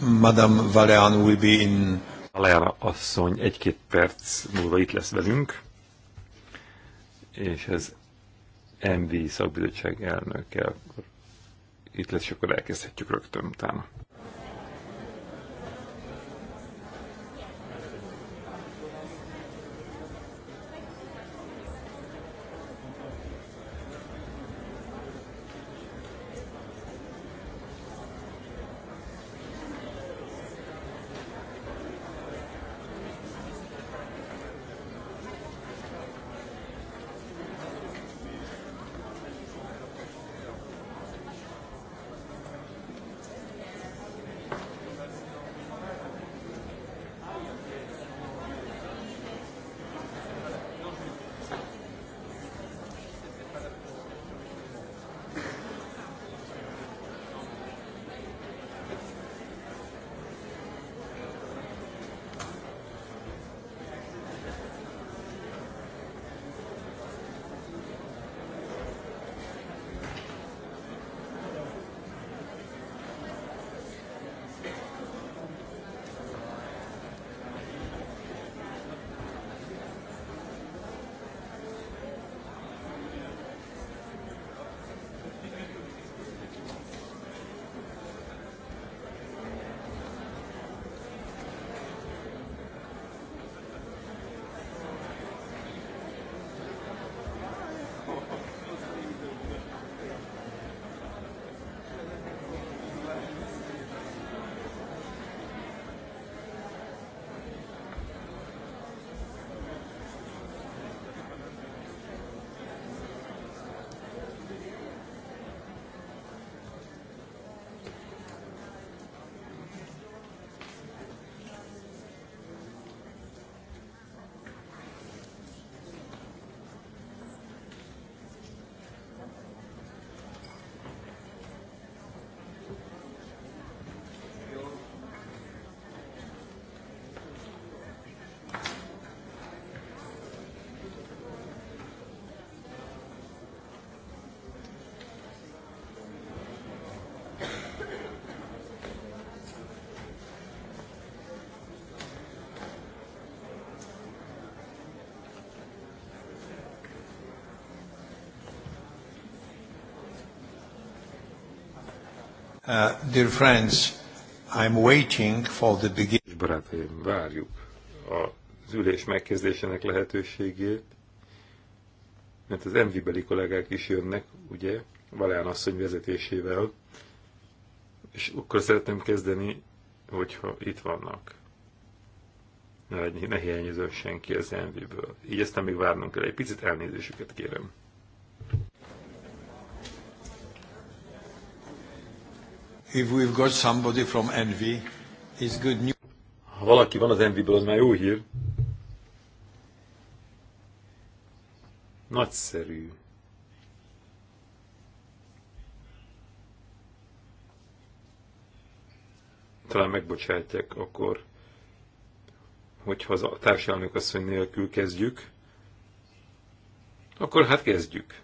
Madame Valéan will be in... Valéan asszony egy-két perc múlva itt lesz velünk, és ez MV szakbizottság elnöke, itt lesz, és akkor elkezdhetjük rögtön utána. Uh, dear friends, I'm waiting for the beginning. Barátaim, várjuk az ülés megkezdésének lehetőségét, mert az MV-beli kollégák is jönnek, ugye, Valán asszony vezetésével, és akkor szeretném kezdeni, hogyha itt vannak. Ne, ne hiányozom senki az MV-ből. Így aztán még várnunk kell. Egy picit elnézésüket kérem. If we've got somebody from Envy, it's good news. Ha valaki van az envyből, az már jó hír. Nagyszerű. Talán megbocsátják akkor, hogyha a társadalmunk asszony nélkül kezdjük. Akkor hát kezdjük.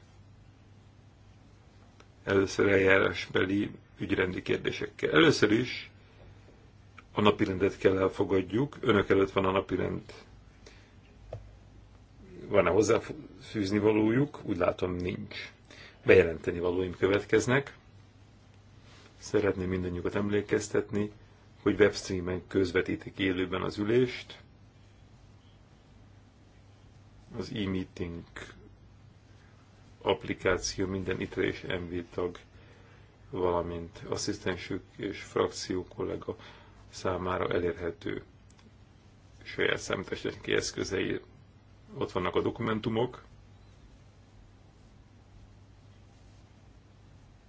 Először eljárásbeli ügyrendi kérdésekkel. Először is a napirendet kell elfogadjuk. Önök előtt van a napirend. Van-e hozzáfűzni valójuk? Úgy látom, nincs. Bejelenteni valóim következnek. Szeretném mindannyiukat emlékeztetni, hogy webstreamen közvetítik élőben az ülést. Az e-meeting applikáció minden ITRE és MV tag valamint asszisztensük és frakció kollega számára elérhető saját számítástechnikai eszközei. Ott vannak a dokumentumok.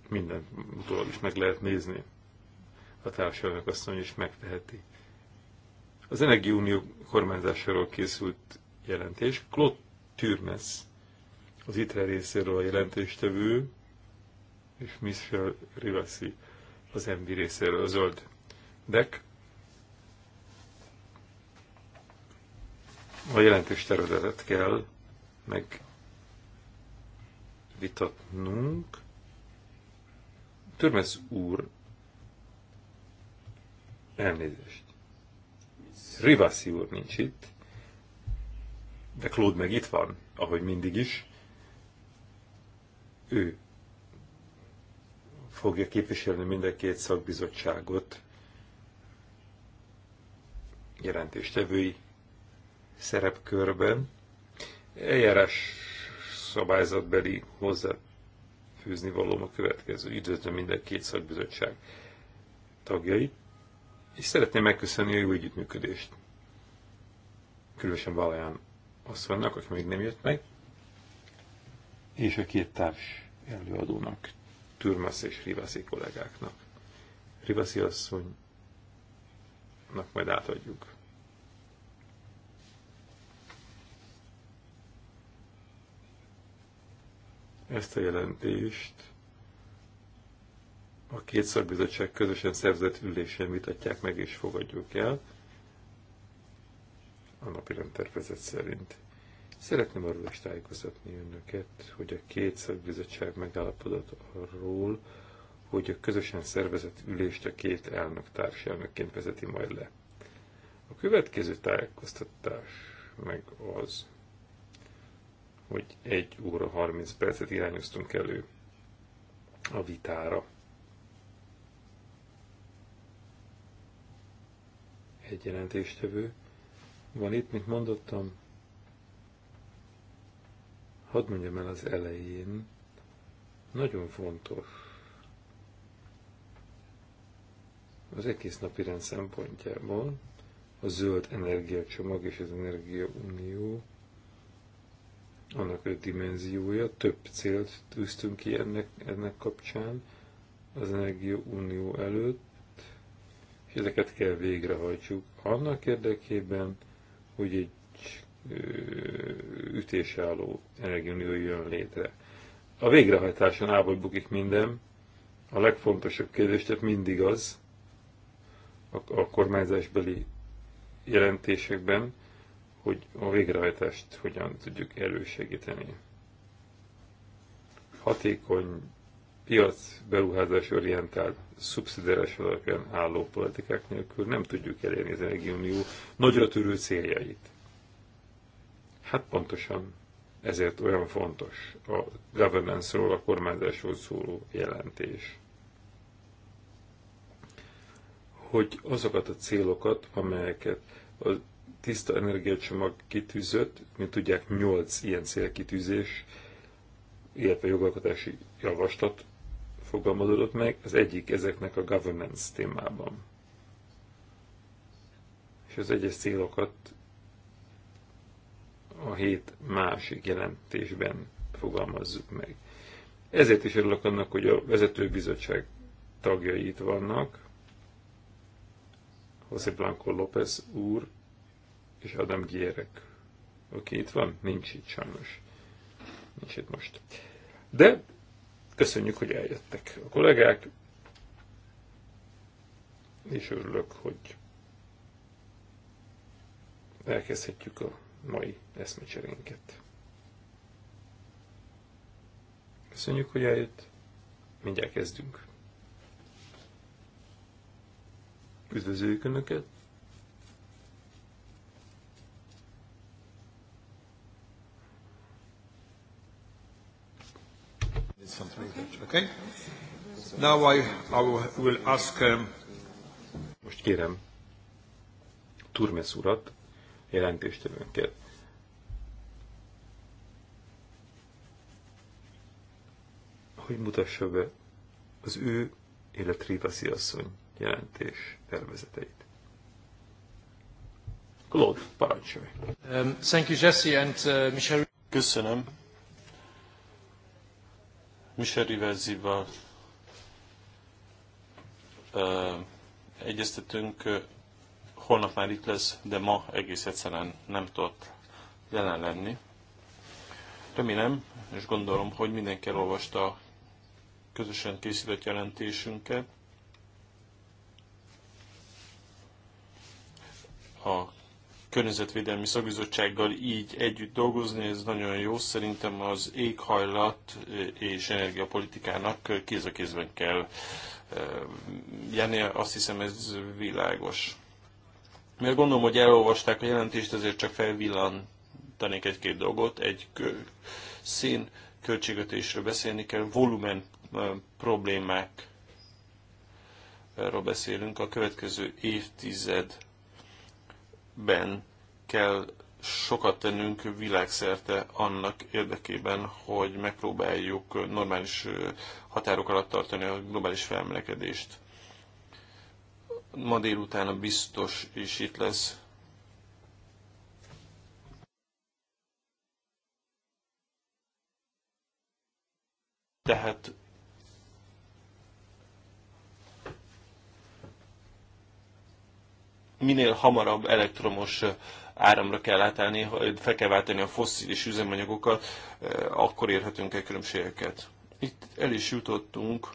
Minden utólag is meg lehet nézni. A társadalmak mondja, is megteheti. Az Energiaunió kormányzásáról készült jelentés. Claude Türmes az ITRE részéről a jelentéstevő, és Michel Rivasi az MB részéről zöld dek. A jelentős területet kell megvitatnunk. Törmez úr, elnézést. Rivasi úr nincs itt, de Claude meg itt van, ahogy mindig is. Ő fogja képviselni mind a két szakbizottságot jelentéstevői szerepkörben. Eljárás szabályzatbeli hozzáfűzni valóm a következő. Üdvözlöm mind a két szakbizottság tagjait, és szeretném megköszönni a jó együttműködést. Különösen valóján azt vannak, aki még nem jött meg, és a két társ előadónak, Türmasz és Rivaszi kollégáknak. Rivaszi asszonynak majd átadjuk. Ezt a jelentést a két szakbizottság közösen szerzett ülésen vitatják meg és fogadjuk el a napi rendtervezet szerint. Szeretném arról is tájékoztatni önöket, hogy a két szakbizottság megállapodott arról, hogy a közösen szervezett ülést a két elnök társelnökként vezeti majd le. A következő tájékoztatás meg az, hogy 1 óra 30 percet irányoztunk elő a vitára. Egy jelentéstevő van itt, mint mondottam, hadd mondjam el az elején, nagyon fontos az egész napi rend szempontjából a zöld energiacsomag és az energiaunió annak a dimenziója, több célt tűztünk ki ennek, ennek kapcsán az energiaunió előtt, és ezeket kell végrehajtsuk annak érdekében, hogy egy ütése álló energiunió jön létre. A végrehajtáson áll bukik minden, a legfontosabb kérdés tehát mindig az, a, a kormányzásbeli jelentésekben, hogy a végrehajtást hogyan tudjuk elősegíteni. Hatékony, piac beruházás orientált, szubszideres alapján álló politikák nélkül nem tudjuk elérni az Energiunió nagyra törő céljait. Hát pontosan ezért olyan fontos a governance-ról, a kormányzásról szóló jelentés. Hogy azokat a célokat, amelyeket a tiszta energiacsomag kitűzött, mint tudják, 8 ilyen célkitűzés, illetve jogalkotási javaslat fogalmazódott meg, az egyik ezeknek a governance témában. És az egyes célokat a hét másik jelentésben fogalmazzuk meg. Ezért is örülök annak, hogy a vezetőbizottság tagjai itt vannak, José Blanco López úr és Adam Gyerek. Aki itt van? Nincs itt sajnos. Nincs itt most. De köszönjük, hogy eljöttek a kollégák, és örülök, hogy elkezdhetjük a mai eszmecserénket. Köszönjük, hogy eljött. Mindjárt kezdünk. Üdvözöljük Önöket! Okay. Now I, I will ask, um... Most kérem Turmes urat, jelentéstevőnkért. Hogy mutassa be az ő, illetve Rivasi asszony jelentés tervezeteit. Claude, parancsolj! Um, thank you, Jesse and uh, Michel. Köszönöm. Michel Riverzival uh, egyeztetünk uh, holnap már itt lesz, de ma egész egyszerűen nem tudott jelen lenni. Remélem, és gondolom, hogy mindenki elolvasta a közösen készített jelentésünket. A Környezetvédelmi Szakbizottsággal így együtt dolgozni, ez nagyon jó. Szerintem az éghajlat és energiapolitikának kéz a kézben kell jelni. Azt hiszem, ez világos. Mert gondolom, hogy elolvasták a jelentést, ezért csak felvillantanék egy-két dolgot. Egy szín költségvetésről beszélni kell, volumen problémák erről beszélünk, a következő évtizedben kell sokat tennünk világszerte annak érdekében, hogy megpróbáljuk normális határok alatt tartani a globális felmelekedést ma délután a biztos is itt lesz. Tehát minél hamarabb elektromos áramra kell átállni, fel kell váltani a fosszilis üzemanyagokat, eh, akkor érhetünk el különbségeket. Itt el is jutottunk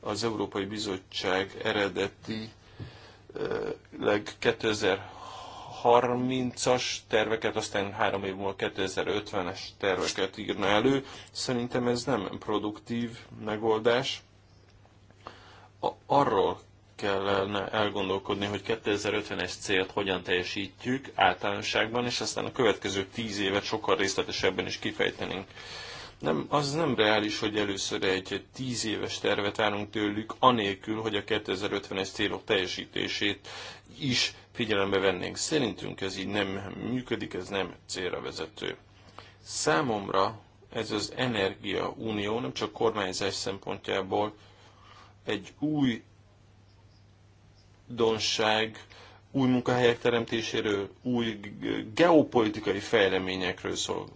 az Európai Bizottság eredeti 2030-as terveket, aztán három év múlva 2050-es terveket írna elő. Szerintem ez nem produktív megoldás. Arról kellene elgondolkodni, hogy 2050-es célt hogyan teljesítjük általánosságban, és aztán a következő tíz évet sokkal részletesebben is kifejtenénk. Nem, az nem reális, hogy először egy 10 éves tervet várunk tőlük, anélkül, hogy a 2050-es célok teljesítését is figyelembe vennénk. Szerintünk ez így nem működik, ez nem célra vezető. Számomra ez az Energia Unió nem csak kormányzás szempontjából egy új donság, új munkahelyek teremtéséről, új geopolitikai fejleményekről szól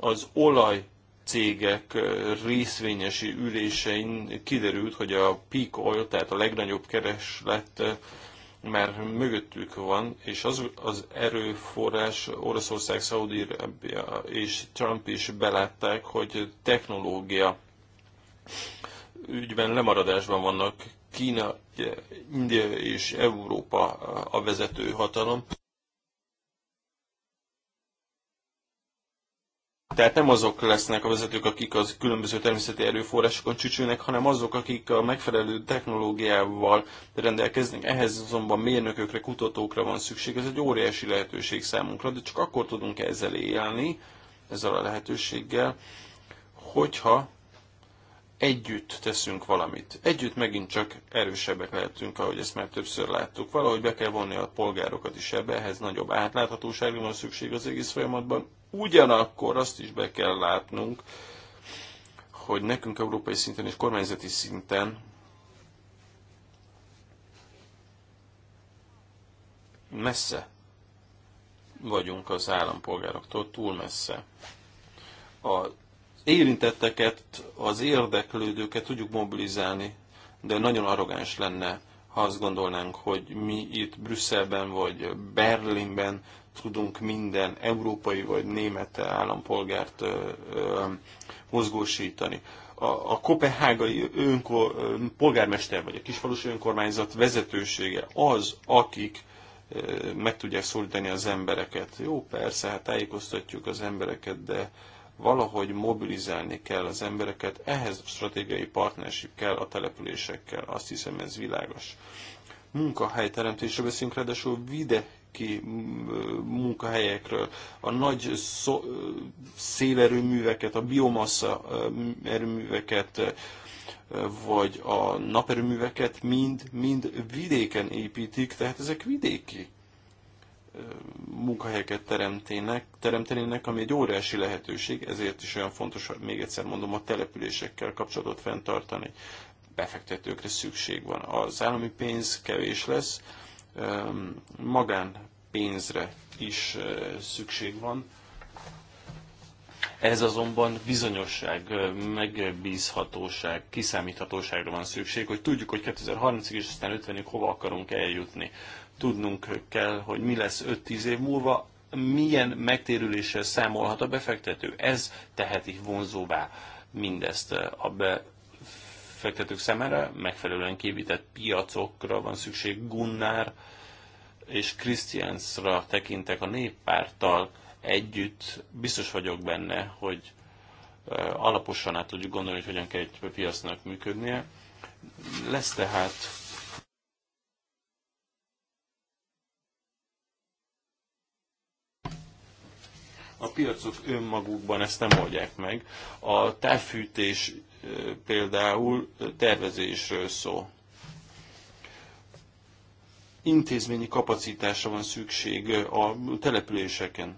az olaj cégek részvényesi ülésein kiderült, hogy a peak oil, tehát a legnagyobb kereslet már mögöttük van, és az, az erőforrás Oroszország, Szaudi és Trump is belátták, hogy technológia ügyben lemaradásban vannak Kína, India és Európa a vezető hatalom. Tehát nem azok lesznek a vezetők, akik az különböző természeti erőforrásokon csücsülnek, hanem azok, akik a megfelelő technológiával rendelkeznek. Ehhez azonban mérnökökre, kutatókra van szükség. Ez egy óriási lehetőség számunkra, de csak akkor tudunk ezzel élni, ezzel a lehetőséggel, hogyha együtt teszünk valamit. Együtt megint csak erősebbek lehetünk, ahogy ezt már többször láttuk. Valahogy be kell vonni a polgárokat is ebbe, ehhez nagyobb átláthatóságra van szükség az egész folyamatban, Ugyanakkor azt is be kell látnunk, hogy nekünk európai szinten és kormányzati szinten messze vagyunk az állampolgároktól, túl messze. A érintetteket, az érdeklődőket tudjuk mobilizálni, de nagyon arrogáns lenne, ha azt gondolnánk, hogy mi itt Brüsszelben vagy Berlinben tudunk minden európai vagy német állampolgárt mozgósítani. A, a kopenhágai önkor, polgármester vagy a kisfalusi önkormányzat vezetősége az, akik meg tudják szólítani az embereket. Jó, persze, hát tájékoztatjuk az embereket, de valahogy mobilizálni kell az embereket, ehhez stratégiai partnership kell a településekkel, azt hiszem ez világos munkahelyteremtésre beszélünk, ráadásul vide, ki munkahelyekről, a nagy szó, szélerőműveket, a biomassa erőműveket, vagy a naperőműveket mind, mind vidéken építik, tehát ezek vidéki munkahelyeket teremtének, teremtenének, ami egy óriási lehetőség, ezért is olyan fontos, hogy még egyszer mondom, a településekkel kapcsolatot fenntartani. Befektetőkre szükség van. Az állami pénz kevés lesz, magánpénzre is szükség van. Ez azonban bizonyosság, megbízhatóság, kiszámíthatóságra van szükség, hogy tudjuk, hogy 2030-ig és aztán 50-ig hova akarunk eljutni. Tudnunk kell, hogy mi lesz 5-10 év múlva, milyen megtérüléssel számolhat a befektető. Ez teheti vonzóvá mindezt a be befektetők szemére, megfelelően képített piacokra van szükség. Gunnár és Christiansra tekintek a néppárttal együtt. Biztos vagyok benne, hogy alaposan át tudjuk gondolni, hogy hogyan kell egy piacnak működnie. Lesz tehát a piacok önmagukban ezt nem oldják meg. A távfűtés például tervezésről szól. Intézményi kapacitásra van szükség a településeken.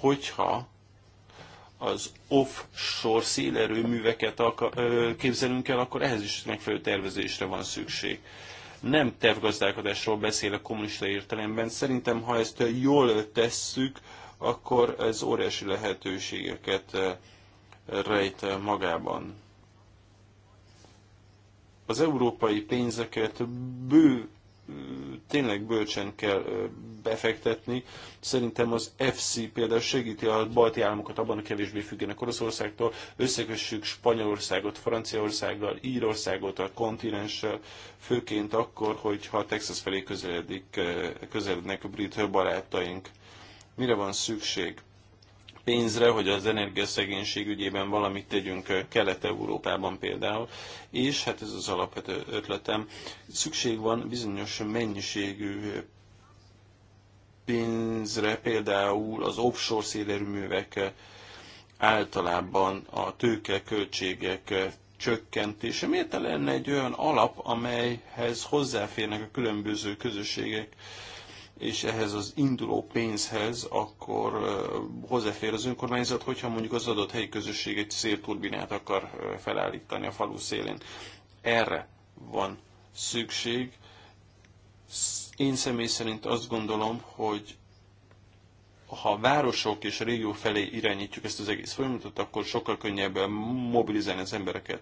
Hogyha az offshore szélerőműveket képzelünk el, akkor ehhez is megfelelő tervezésre van szükség. Nem tervgazdálkodásról beszél a kommunista értelemben. Szerintem, ha ezt jól tesszük, akkor ez óriási lehetőségeket rejt magában. Az európai pénzeket bő, tényleg bölcsen kell befektetni. Szerintem az FC például segíti a balti államokat abban, hogy kevésbé függenek Oroszországtól. Összekössük Spanyolországot, Franciaországgal, Írországot a kontinenssel, főként akkor, hogyha Texas felé közeledik, közelednek a brit barátaink. Mire van szükség? pénzre, hogy az energiaszegénység ügyében valamit tegyünk Kelet-Európában például, és hát ez az alapvető ötletem, szükség van bizonyos mennyiségű pénzre, például az offshore szélerőművek általában a tőke költségek csökkentése. Miért lenne egy olyan alap, amelyhez hozzáférnek a különböző közösségek, és ehhez az induló pénzhez akkor hozzáfér az önkormányzat, hogyha mondjuk az adott helyi közösség egy szélturbinát akar felállítani a falu szélén. Erre van szükség. Én személy szerint azt gondolom, hogy ha a városok és a régió felé irányítjuk ezt az egész folyamatot, akkor sokkal könnyebben mobilizálni az embereket.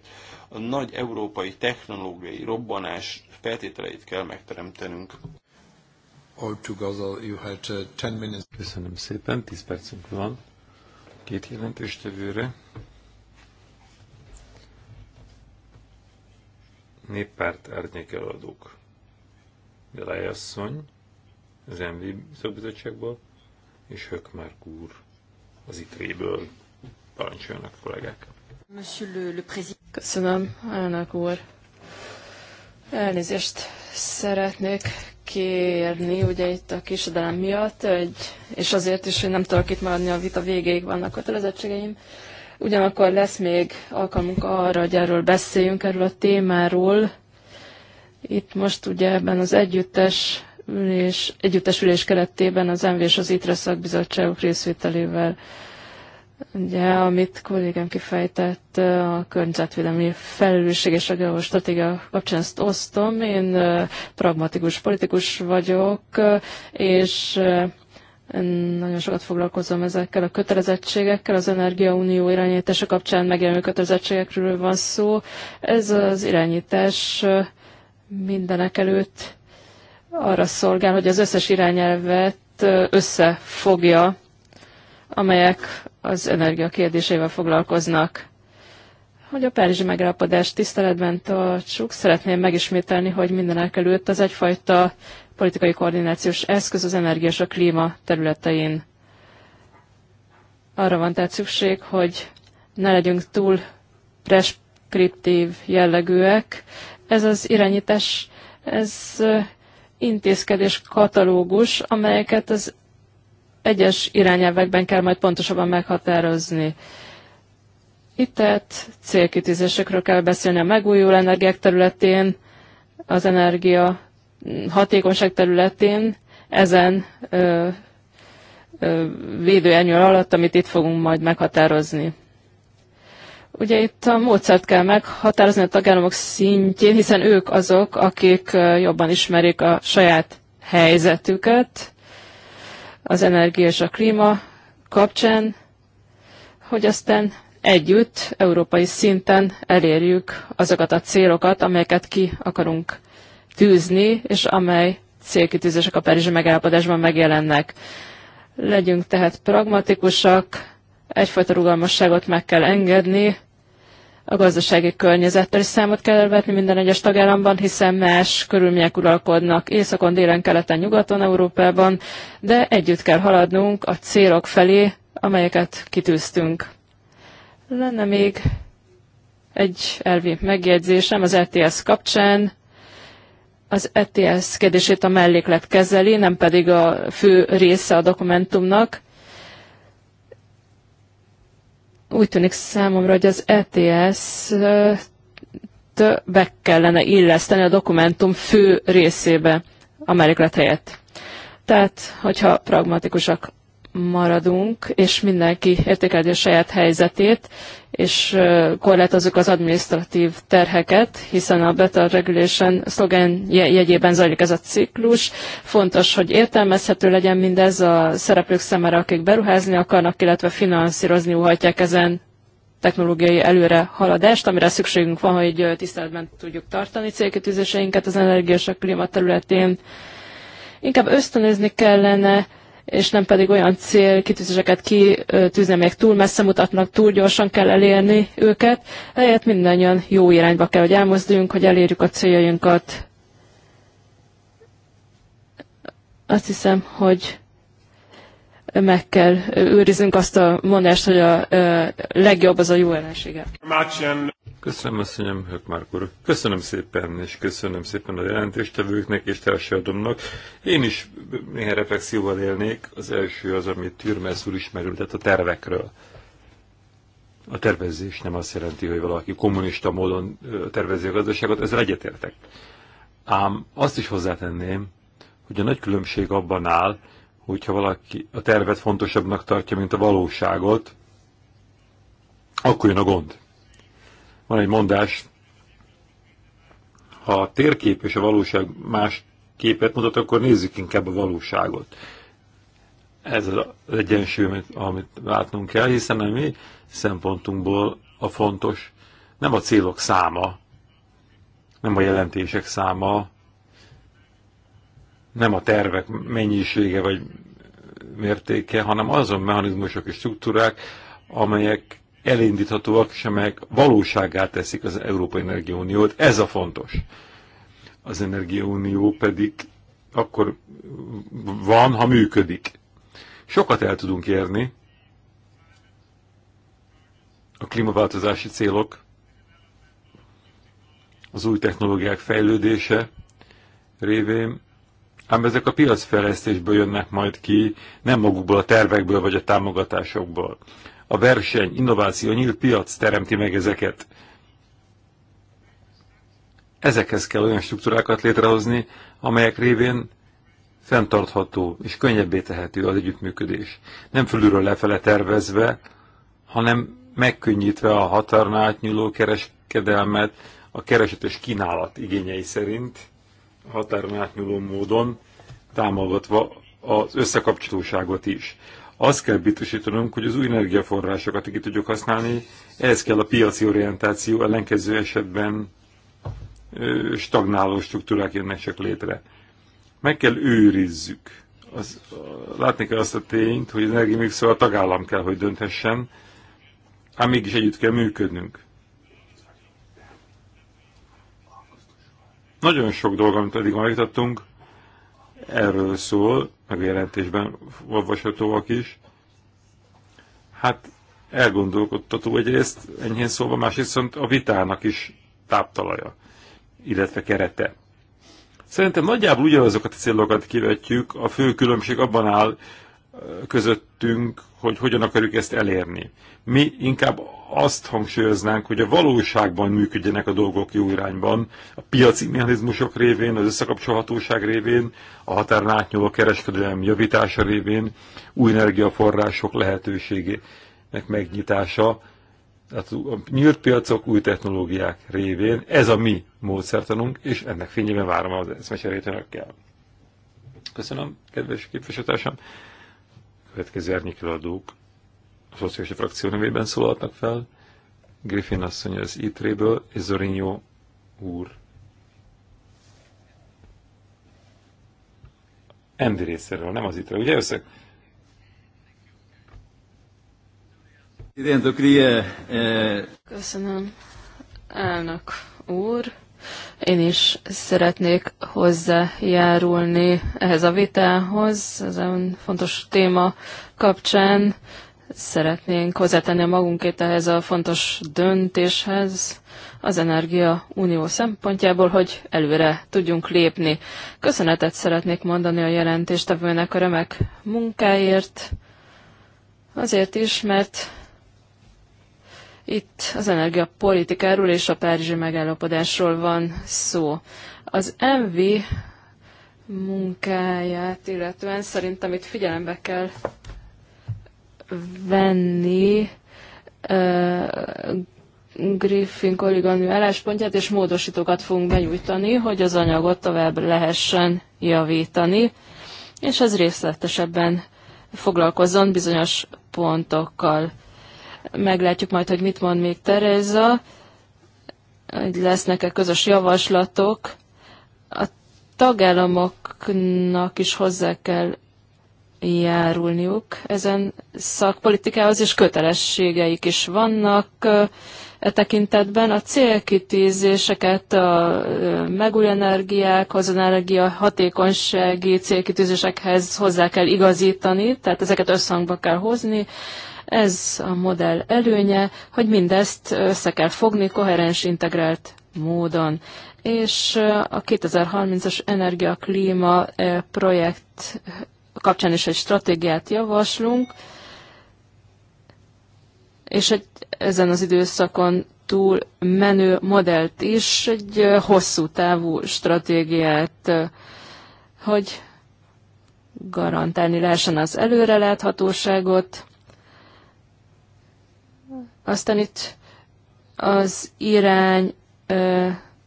A nagy európai technológiai robbanás feltételeit kell megteremtenünk. Altogether you had 10 uh, minutes. Köszönöm szépen, 10 percünk van két jelentéstevőre. Néppárt árnyékeladók. Delály asszony, az MV szakbizottságból, és Hökmárk úr, az ITRÉ-ből. Parancsoljanak, kollégák! Köszönöm, elnök úr! Elnézést szeretnék kérni, ugye itt a késedelem miatt, hogy, és azért is, hogy nem tudok itt maradni a vita végéig, vannak kötelezettségeim. Ugyanakkor lesz még alkalmunk arra, hogy erről beszéljünk, erről a témáról. Itt most ugye ebben az együttes ülés, együttes ülés keretében az MV és az ITRE szakbizottságok részvételével Ugye, amit kollégám kifejtett a környezetvédelmi felelősség és a geostratégia kapcsán ezt osztom. Én pragmatikus politikus vagyok, és nagyon sokat foglalkozom ezekkel a kötelezettségekkel, az Energiaunió irányítása kapcsán megjelenő kötelezettségekről van szó. Ez az irányítás mindenek előtt arra szolgál, hogy az összes irányelvet összefogja amelyek az energia kérdésével foglalkoznak. Hogy a Párizsi megállapodást tiszteletben tartsuk, szeretném megismételni, hogy minden előtt az egyfajta politikai koordinációs eszköz az energia és a klíma területein. Arra van tehát szükség, hogy ne legyünk túl preskriptív jellegűek. Ez az irányítás, ez intézkedés katalógus, amelyeket az egyes irányelvekben kell majd pontosabban meghatározni. Itt tehát célkitűzésekről kell beszélni a megújuló energiák területén, az energia hatékonyság területén, ezen ö, ö, védőernyőr alatt, amit itt fogunk majd meghatározni. Ugye itt a módszert kell meghatározni a tagállamok szintjén, hiszen ők azok, akik jobban ismerik a saját helyzetüket, az energia és a klíma kapcsán, hogy aztán együtt, európai szinten elérjük azokat a célokat, amelyeket ki akarunk tűzni, és amely célkitűzések a Párizsi megállapodásban megjelennek. Legyünk tehát pragmatikusak, egyfajta rugalmasságot meg kell engedni, a gazdasági környezettel is számot kell vetni minden egyes tagállamban, hiszen más körülmények uralkodnak északon, délen, keleten, nyugaton, Európában, de együtt kell haladnunk a célok felé, amelyeket kitűztünk. Lenne még egy elvi megjegyzésem az ETS kapcsán. Az ETS kérdését a melléklet kezeli, nem pedig a fő része a dokumentumnak úgy tűnik számomra, hogy az ETS be kellene illeszteni a dokumentum fő részébe a helyett. Tehát, hogyha pragmatikusak maradunk, és mindenki értékelje a saját helyzetét, és korlátozzuk az administratív terheket, hiszen a Better Regulation szlogán jegyében zajlik ez a ciklus. Fontos, hogy értelmezhető legyen mindez a szereplők szemére, akik beruházni akarnak, illetve finanszírozni uhatják ezen technológiai előre haladást, amire szükségünk van, hogy tiszteletben tudjuk tartani célkitűzéseinket az energiás a klíma területén. Inkább ösztönözni kellene és nem pedig olyan cél, kitűzéseket kitűzni, még túl messze mutatnak, túl gyorsan kell elérni őket, ehelyett mindannyian jó irányba kell, hogy elmozduljunk, hogy elérjük a céljainkat. Azt hiszem, hogy meg kell őriznünk azt a mondást, hogy a legjobb az a jó ellensége. Köszönöm, asszonyom, Hökmárk úr. Köszönöm szépen, és köszönöm szépen a jelentéstevőknek és társadalomnak. Én is néhány reflexióval élnék. Az első az, amit Türmes úr ismerültet a tervekről. A tervezés nem azt jelenti, hogy valaki kommunista módon tervezi a gazdaságot, ezzel egyetértek. Ám azt is hozzátenném, hogy a nagy különbség abban áll, hogyha valaki a tervet fontosabbnak tartja, mint a valóságot, akkor jön a gond van egy mondás, ha a térkép és a valóság más képet mutat, akkor nézzük inkább a valóságot. Ez az egyensúly, amit, amit látnunk kell, hiszen a mi szempontunkból a fontos nem a célok száma, nem a jelentések száma, nem a tervek mennyisége vagy mértéke, hanem azon mechanizmusok és struktúrák, amelyek elindíthatóak, és amelyek valóságát teszik az Európai Energiauniót. Ez a fontos. Az Energiaunió pedig akkor van, ha működik. Sokat el tudunk érni a klímaváltozási célok, az új technológiák fejlődése révén, ám ezek a piacfejlesztésből jönnek majd ki, nem magukból a tervekből vagy a támogatásokból a verseny, innováció, nyílt piac teremti meg ezeket. Ezekhez kell olyan struktúrákat létrehozni, amelyek révén fenntartható és könnyebbé tehető az együttműködés. Nem fölülről lefele tervezve, hanem megkönnyítve a határon átnyúló kereskedelmet a kereset és kínálat igényei szerint, határon átnyúló módon támogatva az összekapcsolóságot is. Azt kell biztosítanunk, hogy az új energiaforrásokat ki tudjuk használni, ehhez kell a piaci orientáció, ellenkező esetben stagnáló struktúrák jönnek csak létre. Meg kell őrizzük. Az, látni kell azt a tényt, hogy az energiamixről a tagállam kell, hogy dönthessen, ám mégis együtt kell működnünk. Nagyon sok dolga, amit eddig megtattunk, erről szól, meg a jelentésben olvashatóak is. Hát elgondolkodtató egyrészt, enyhén szólva, másrészt viszont a vitának is táptalaja, illetve kerete. Szerintem nagyjából ugyanazokat a célokat kivetjük, a fő különbség abban áll, közöttünk, hogy hogyan akarjuk ezt elérni. Mi inkább azt hangsúlyoznánk, hogy a valóságban működjenek a dolgok jó irányban, a piaci mechanizmusok révén, az összekapcsolhatóság révén, a határon átnyúló kereskedelem javítása révén, új energiaforrások lehetőségének megnyitása, tehát a nyílt piacok, új technológiák révén. Ez a mi módszertanunk, és ennek fényében várom az eszmecserét önökkel. Köszönöm, kedves képviselőtársam! következő árnyékeladók a szociális frakció nevében szólaltak fel. Griffin asszony az ITRE-ből, és Zorinho úr. Endi részéről, nem az ITRE, ugye összek? Eh, Köszönöm, elnök úr. Én is szeretnék hozzájárulni ehhez a vitához, ez egy fontos téma kapcsán. Szeretnénk hozzátenni a magunkét ehhez a fontos döntéshez az Energia Unió szempontjából, hogy előre tudjunk lépni. Köszönetet szeretnék mondani a jelentéstevőnek a remek munkáért, azért is, mert itt az energiapolitikáról és a Párizsi megállapodásról van szó. Az MV munkáját, illetően szerintem itt figyelembe kell venni uh, Griffin kolléganő álláspontját, és módosítókat fogunk benyújtani, hogy az anyagot tovább lehessen javítani, és ez részletesebben foglalkozzon bizonyos pontokkal. Meglátjuk majd, hogy mit mond még Tereza, hogy lesznek-e közös javaslatok. A tagállamoknak is hozzá kell járulniuk ezen szakpolitikához, és kötelességeik is vannak e tekintetben. A célkitűzéseket a megújuló energiákhoz, az energia hatékonysági célkitűzésekhez hozzá kell igazítani, tehát ezeket összhangba kell hozni. Ez a modell előnye, hogy mindezt össze kell fogni koherens integrált módon. És a 2030-as energia-klíma projekt kapcsán is egy stratégiát javaslunk, és egy, ezen az időszakon túl menő modellt is, egy hosszú távú stratégiát, hogy garantálni lehessen az előreláthatóságot, aztán itt az irány,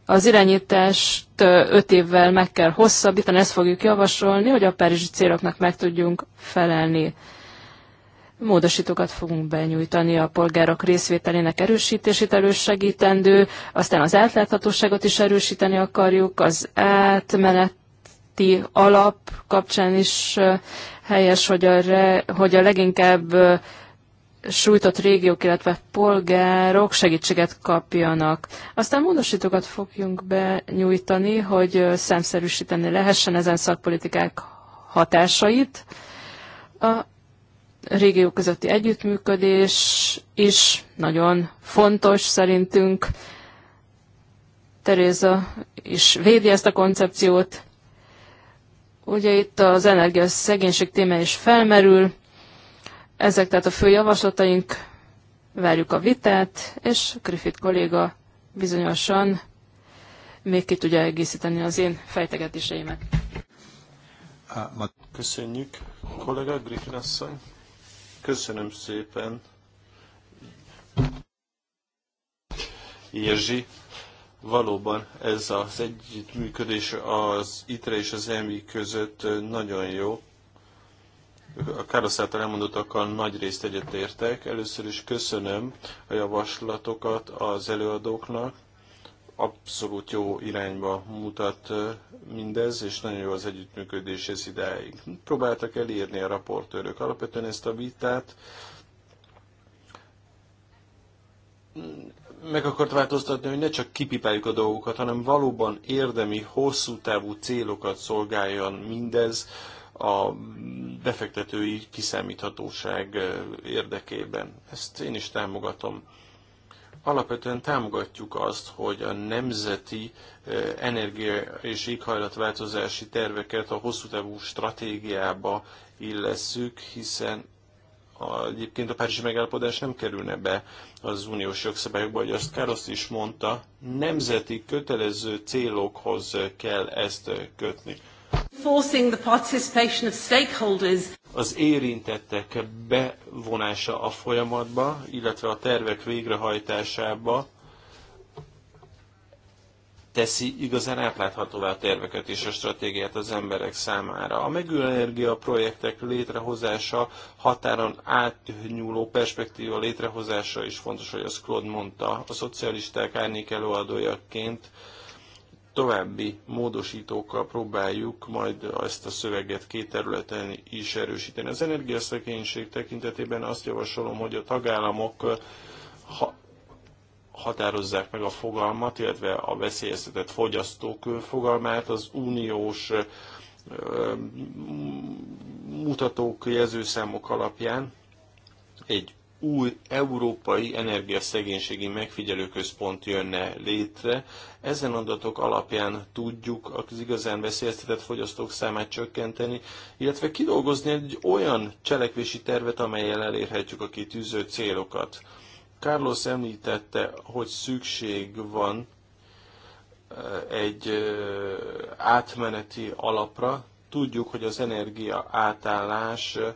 az irányítást öt évvel meg kell hosszabbítani, ezt fogjuk javasolni, hogy a párizsi céloknak meg tudjunk felelni. Módosítókat fogunk benyújtani a polgárok részvételének erősítését elősegítendő, aztán az átláthatóságot is erősíteni akarjuk, az átmeneti alap kapcsán is helyes, hogy a, re, hogy a leginkább sújtott régiók, illetve polgárok segítséget kapjanak. Aztán módosítókat fogjunk be nyújtani, hogy szemszerűsíteni lehessen ezen szakpolitikák hatásait. A régiók közötti együttműködés is nagyon fontos szerintünk. Teréza is védi ezt a koncepciót. Ugye itt az energiaszegénység téma is felmerül, ezek tehát a fő javaslataink, várjuk a vitát, és Griffith kolléga bizonyosan még ki tudja egészíteni az én fejtegetéseimet. Köszönjük, kollega Griffin asszony. Köszönöm szépen. Jerzy, valóban ez az együttműködés az ITRE és az EMI között nagyon jó a Károsz által elmondottakkal nagy részt egyetértek. Először is köszönöm a javaslatokat az előadóknak. Abszolút jó irányba mutat mindez, és nagyon jó az együttműködés ez idáig. Próbáltak elírni a raportőrök alapvetően ezt a vitát. Meg akart változtatni, hogy ne csak kipipáljuk a dolgokat, hanem valóban érdemi, hosszú távú célokat szolgáljon mindez, a befektetői kiszámíthatóság érdekében. Ezt én is támogatom. Alapvetően támogatjuk azt, hogy a nemzeti energia és éghajlatváltozási terveket a hosszú távú stratégiába illesszük, hiszen a, egyébként a Párizsi megállapodás nem kerülne be az uniós jogszabályokba, hogy azt Károsz is mondta, nemzeti kötelező célokhoz kell ezt kötni forcing the participation of stakeholders. Az érintettek bevonása a folyamatba, illetve a tervek végrehajtásába teszi igazán átláthatóvá a terveket és a stratégiát az emberek számára. A megőenergia projektek létrehozása, határon átnyúló perspektíva létrehozása is fontos, hogy az Claude mondta. A szocialisták árnyék előadójaként további módosítókkal próbáljuk majd ezt a szöveget két területen is erősíteni. Az energiaszegénység tekintetében azt javasolom, hogy a tagállamok ha határozzák meg a fogalmat, illetve a veszélyeztetett fogyasztók fogalmát az uniós mutatók, jelzőszámok alapján egy új európai energiaszegénységi megfigyelőközpont jönne létre. Ezen adatok alapján tudjuk az igazán veszélyeztetett fogyasztók számát csökkenteni, illetve kidolgozni egy olyan cselekvési tervet, amelyel elérhetjük a kitűző célokat. Carlos említette, hogy szükség van eh, egy eh, átmeneti alapra. Tudjuk, hogy az energia átállás eh,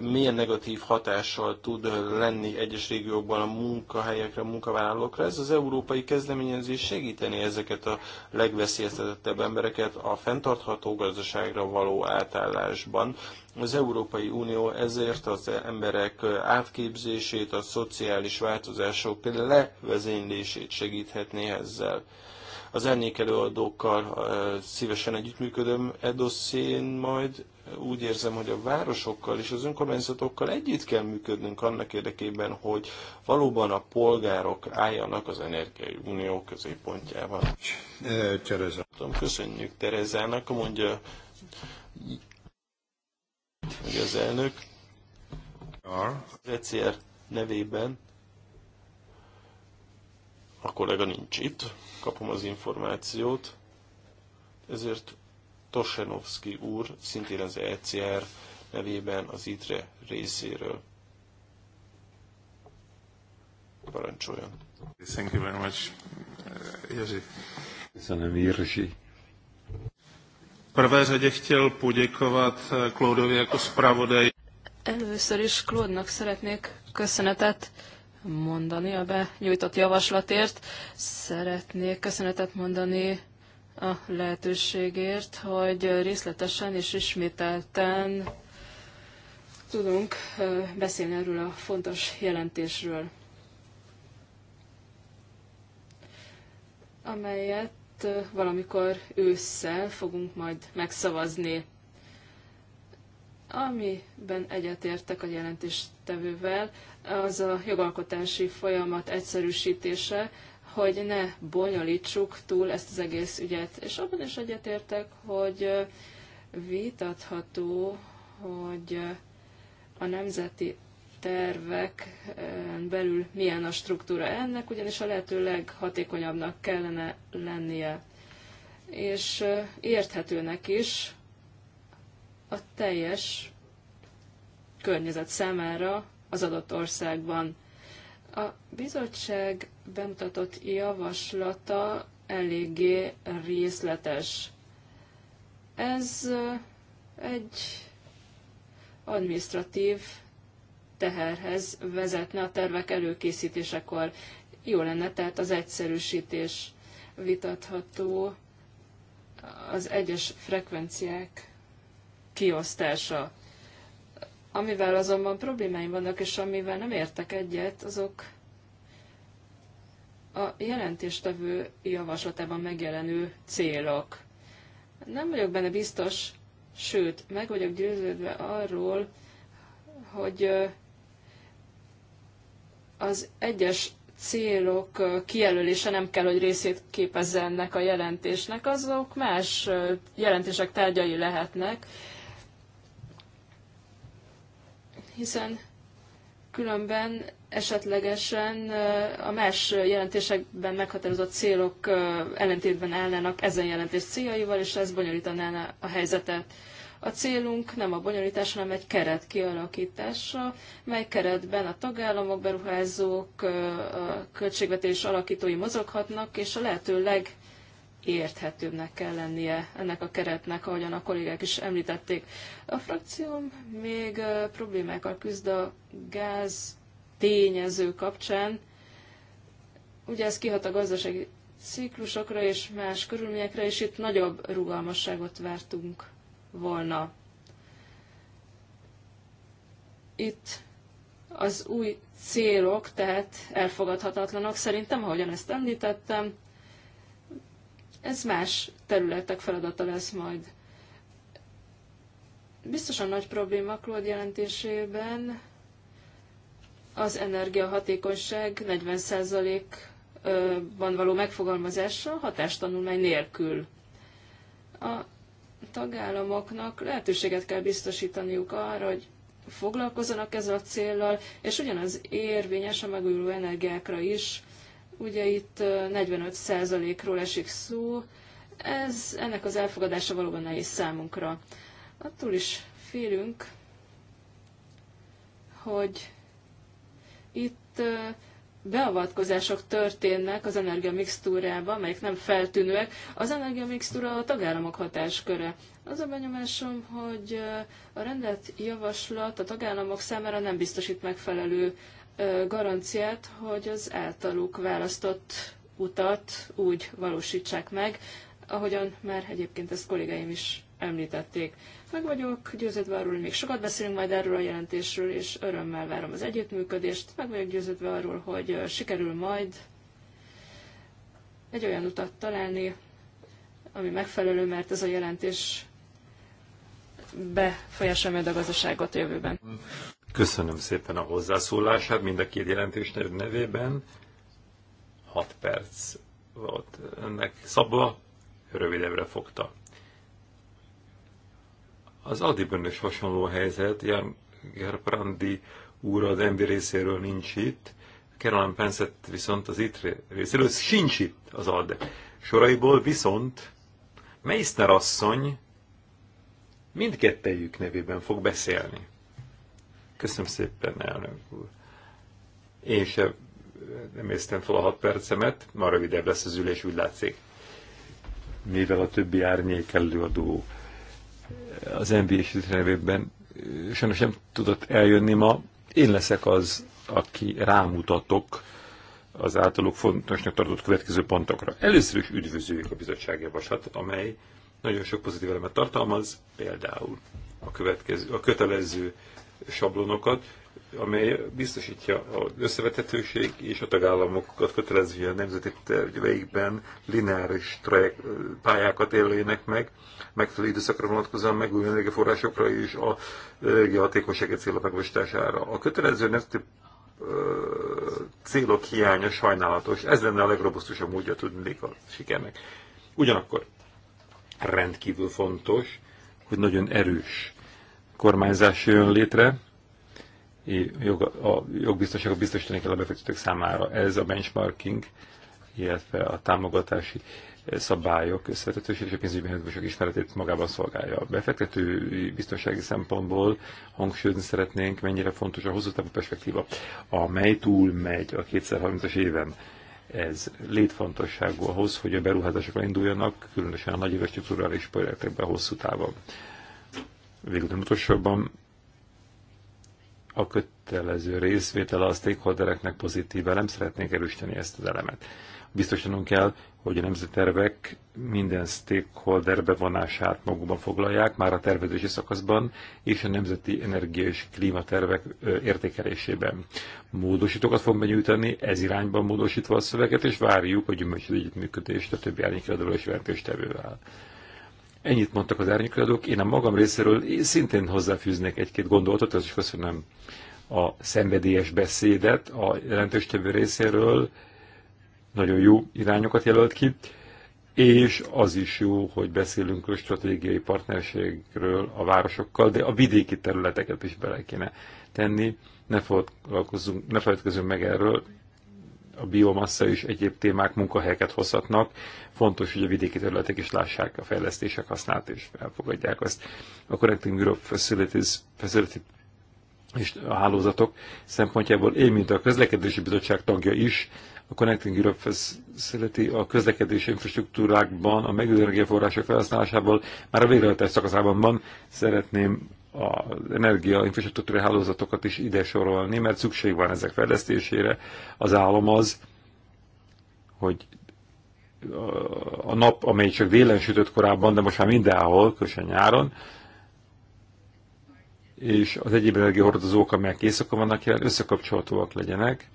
milyen negatív hatással tud lenni egyes régiókban a munkahelyekre, a munkavállalókra. Ez az európai kezdeményezés segíteni ezeket a legveszélyeztetettebb embereket a fenntartható gazdaságra való átállásban. Az Európai Unió ezért az emberek átképzését, a szociális változások levezénylését segíthetné ezzel az elnékelőadókkal szívesen együttműködöm e dosszén majd, úgy érzem, hogy a városokkal és az önkormányzatokkal együtt kell működnünk annak érdekében, hogy valóban a polgárok álljanak az Energiai Unió középpontjában. Eh, Tereza. Köszönjük Terezának, mondja hogy az elnök. Recier e nevében a kollega nincs itt, kapom az információt, ezért Tosenovski úr, szintén az ECR nevében az ITRE részéről. Parancsoljon. Thank you very much, uh, Jerzy. Köszönöm, Jerzy. prvé řadě chtěl poděkovat uh, Claudovi jako zpravodaj. Először is Klódnak szeretnék köszönetet mondani a benyújtott javaslatért. Szeretnék köszönetet mondani a lehetőségért, hogy részletesen és ismételten tudunk beszélni erről a fontos jelentésről, amelyet valamikor ősszel fogunk majd megszavazni. Amiben egyetértek a jelentéstevővel, az a jogalkotási folyamat egyszerűsítése, hogy ne bonyolítsuk túl ezt az egész ügyet. És abban is egyetértek, hogy vitatható, hogy a nemzeti tervek belül milyen a struktúra ennek, ugyanis a lehető leghatékonyabbnak kellene lennie, és érthetőnek is a teljes környezet számára az adott országban. A bizottság bemutatott javaslata eléggé részletes. Ez egy administratív teherhez vezetne a tervek előkészítésekor. Jó lenne tehát az egyszerűsítés vitatható, az egyes frekvenciák kiosztása. Amivel azonban problémáim vannak, és amivel nem értek egyet, azok a jelentéstevő javaslatában megjelenő célok. Nem vagyok benne biztos, sőt, meg vagyok győződve arról, hogy az egyes célok kijelölése nem kell, hogy részét képezze ennek a jelentésnek, azok más jelentések tárgyai lehetnek, hiszen különben esetlegesen a más jelentésekben meghatározott célok ellentétben állnának ezen jelentés céljaival, és ez bonyolítaná a helyzetet. A célunk nem a bonyolítás, hanem egy keret kialakítása, mely keretben a tagállamok, beruházók, a költségvetés alakítói mozoghatnak, és a lehető leg érthetőbbnek kell lennie ennek a keretnek, ahogyan a kollégák is említették. A frakcióm még problémákkal küzd a gáz tényező kapcsán. Ugye ez kihat a gazdasági ciklusokra és más körülményekre, és itt nagyobb rugalmasságot vártunk volna. Itt az új célok, tehát elfogadhatatlanok szerintem, ahogyan ezt említettem, ez más területek feladata lesz majd. Biztosan nagy probléma Claude jelentésében az energiahatékonyság 40%-ban való megfogalmazása hatástanulmány nélkül. A tagállamoknak lehetőséget kell biztosítaniuk arra, hogy foglalkozzanak ezzel a céllal, és ugyanaz érvényes a megújuló energiákra is, Ugye itt 45%-ról esik szó, ez, ennek az elfogadása valóban nehéz számunkra. Attól is félünk, hogy itt beavatkozások történnek az energiamixtúrába, amelyek nem feltűnőek. Az energiamixtúra a tagállamok hatásköre. Az a benyomásom, hogy a rendelt javaslat a tagállamok számára nem biztosít megfelelő garanciát, hogy az általuk választott utat úgy valósítsák meg, ahogyan már egyébként ezt kollégáim is említették. Meg vagyok győződve arról, hogy még sokat beszélünk majd erről a jelentésről, és örömmel várom az együttműködést. Meg vagyok győződve arról, hogy sikerül majd egy olyan utat találni, ami megfelelő, mert ez a jelentés befolyásolja majd a gazdaságot a jövőben. Köszönöm szépen a hozzászólását mind a két jelentős nevében. 6 perc volt ennek szabva, rövidebbre fogta. Az Adiban is hasonló helyzet, Jan Gerbrandi úr az MB részéről nincs itt, Caroline Penset viszont az itt e részéről sincs itt az ad soraiból, viszont Meissner asszony mindkettejük nevében fog beszélni. Köszönöm szépen, elnök úr. Én sem eh, nem észtem fel a hat percemet, ma rövidebb lesz az ülés, úgy látszik. Mivel a többi árnyék előadó eh, az NBA-s nevében eh, sajnos nem tudott eljönni ma, én leszek az, aki rámutatok az általuk fontosnak tartott következő pontokra. Először is üdvözöljük a bizottság javaslatot, amely nagyon sok pozitív elemet tartalmaz, például a, következő, a kötelező sablonokat, amely biztosítja az összevethetőség és a tagállamokat kötelező a nemzeti terveikben lineáris trajek, pályákat élőjének meg, megfelelő időszakra vonatkozóan megújuló energiaforrásokra és a energiahatékonysági célok megvalósítására. A kötelező nemzeti célok hiánya sajnálatos. Ez lenne a legrobusztusabb módja tudnék a sikernek. Ugyanakkor rendkívül fontos, hogy nagyon erős kormányzás jön létre, a jogbiztonságot biztosítani kell a befektetők számára. Ez a benchmarking, illetve a támogatási szabályok összetetőség és a pénzügyi mechanizmusok ismeretét magában szolgálja. A befektetői biztonsági szempontból hangsúlyozni szeretnénk, mennyire fontos a hosszú távú perspektíva, amely túl megy a 2030-as éven. Ez létfontosságú ahhoz, hogy a beruházásokra induljanak, különösen a nagy éves struktúrális projektekben hosszú távon. Végül nem utolsóban a kötelező részvétele a stakeholdereknek pozitív elem, szeretnék erősíteni ezt az elemet. Biztosanunk kell, hogy a tervek minden stakeholder bevonását magukban foglalják, már a tervezési szakaszban és a nemzeti energia és klímatervek értékelésében. Módosítókat fog benyújtani, ez irányban módosítva a szöveget, és várjuk a gyümölcsöd együttműködést a többi árnyékiadóval és vertéstevővel. Ennyit mondtak az árnyékadók, én a magam részéről szintén hozzáfűznék egy-két gondolatot, az is köszönöm a szenvedélyes beszédet a jelentőstevő részéről, nagyon jó irányokat jelölt ki, és az is jó, hogy beszélünk a stratégiai partnerségről a városokkal, de a vidéki területeket is bele kéne tenni. Ne, ne feledkezzünk meg erről, a biomassa és egyéb témák munkahelyeket hozhatnak. Fontos, hogy a vidéki területek is lássák a fejlesztések hasznát és elfogadják azt. A Connecting Europe Facilities Facility és a hálózatok szempontjából én, mint a közlekedési bizottság tagja is, a Connecting Europe Facility a közlekedési infrastruktúrákban, a megújuló energiaforrások felhasználásával már a végrehajtás szakaszában van. Szeretném az infrastruktúra hálózatokat is ide sorolni, mert szükség van ezek fejlesztésére. Az állam az, hogy a nap, amely csak délen sütött korábban, de most már mindenhol, különösen nyáron, és az egyéb energiahordozók, amelyek éjszaka vannak jelen, összekapcsolhatóak legyenek,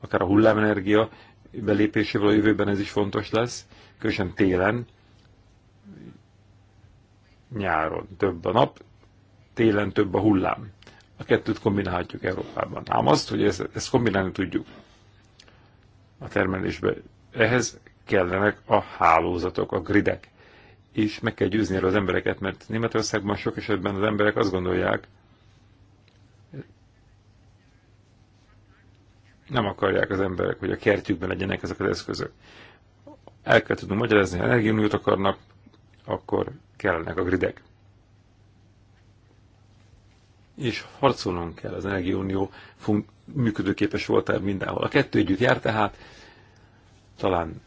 akár a hullámenergia belépésével a jövőben ez is fontos lesz, különösen télen, nyáron több a nap, télen több a hullám. A kettőt kombinálhatjuk Európában. Ám azt, hogy ezt, ezt kombinálni tudjuk a termelésbe, ehhez kellenek a hálózatok, a gridek. És meg kell győzni el az embereket, mert Németországban sok esetben az emberek azt gondolják, nem akarják az emberek, hogy a kertjükben legyenek ezek az eszközök. El kell tudnunk magyarázni, ha energiuniót akarnak, akkor kellenek a gridek és harcolnunk kell az Energiaunió működőképes volt mindenhol. A kettő együtt jár, tehát talán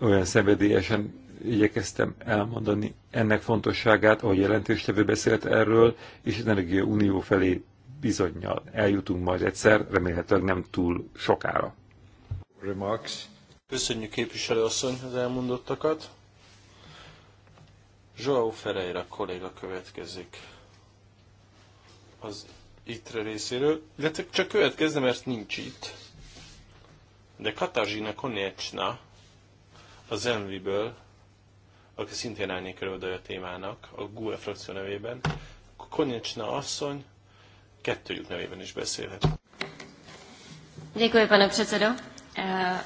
olyan szenvedélyesen igyekeztem elmondani ennek fontosságát, ahogy jelentéstevő beszélt erről, és az Energia Unió felé bizonyal eljutunk majd egyszer, remélhetőleg nem túl sokára. Remarks. Köszönjük képviselő asszony az elmondottakat. João Ferreira kolléga következik az ITRE részéről, illetve csak következne, mert nincs itt. De Katarzyna Koniecsna az Enviből, aki szintén állnék a témának, a GUE frakció nevében, Koniecsna asszony kettőjük nevében is beszélhet. Děkuji, pane předsedo. Eh,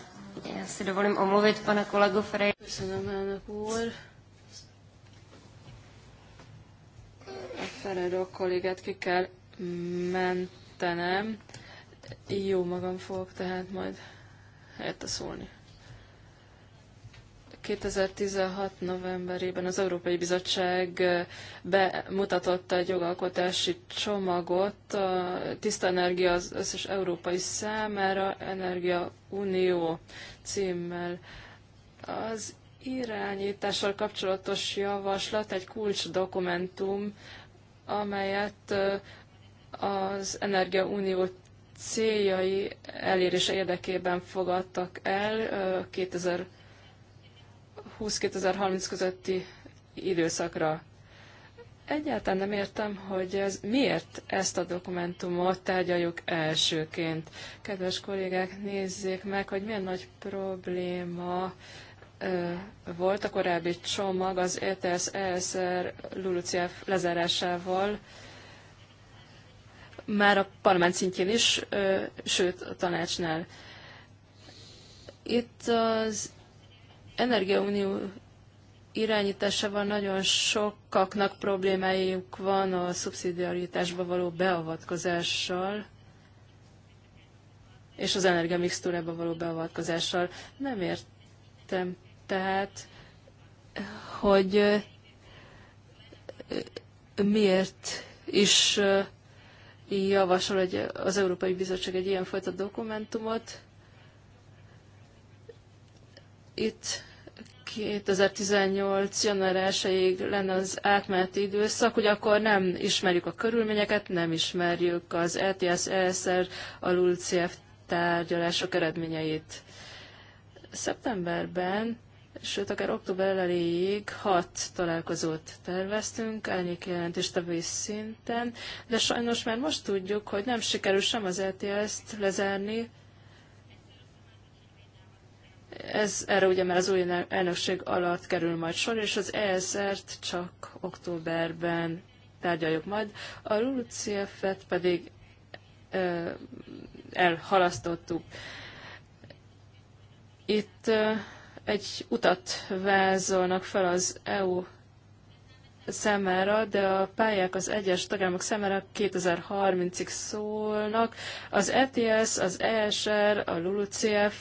já si dovolím omluvit pana kolegu Ferej. Köszönöm, elnök úr. Ferrero kollégát ki kell mentenem. Jó magam fogok tehát majd helyette szólni. 2016 novemberében az Európai Bizottság bemutatotta egy jogalkotási csomagot a tiszta energia az összes európai számára, Energia Unió címmel. Az irányítással kapcsolatos javaslat egy kulcs dokumentum amelyet az Energiaunió céljai elérése érdekében fogadtak el 2020-2030 közötti időszakra. Egyáltalán nem értem, hogy ez, miért ezt a dokumentumot tárgyaljuk elsőként. Kedves kollégák, nézzék meg, hogy milyen nagy probléma volt a korábbi csomag az ETS ESR LULUCF lezárásával, már a parlament szintjén is, sőt a tanácsnál. Itt az Energiaunió irányításával nagyon sokaknak problémájuk van a szubszidiaritásba való beavatkozással és az energiamixtúrába való beavatkozással. Nem értem tehát, hogy miért is javasol hogy az Európai Bizottság egy ilyenfajta dokumentumot. Itt 2018. január 1 lenne az átmeneti időszak, hogy akkor nem ismerjük a körülményeket, nem ismerjük az ETS, ESR, a LULCF tárgyalások eredményeit. Szeptemberben sőt akár október elejéig hat találkozót terveztünk, jelentés tevői szinten, de sajnos már most tudjuk, hogy nem sikerül sem az ETS-t lezárni, ez, erre ugye már az új elnökség alatt kerül majd sor, és az ESR-t csak októberben tárgyaljuk majd. A LULUCF-et pedig ö, elhalasztottuk. Itt ö, egy utat vázolnak fel az EU számára, de a pályák az egyes tagállamok számára 2030-ig szólnak. Az ETS, az ESR, a LULUCF,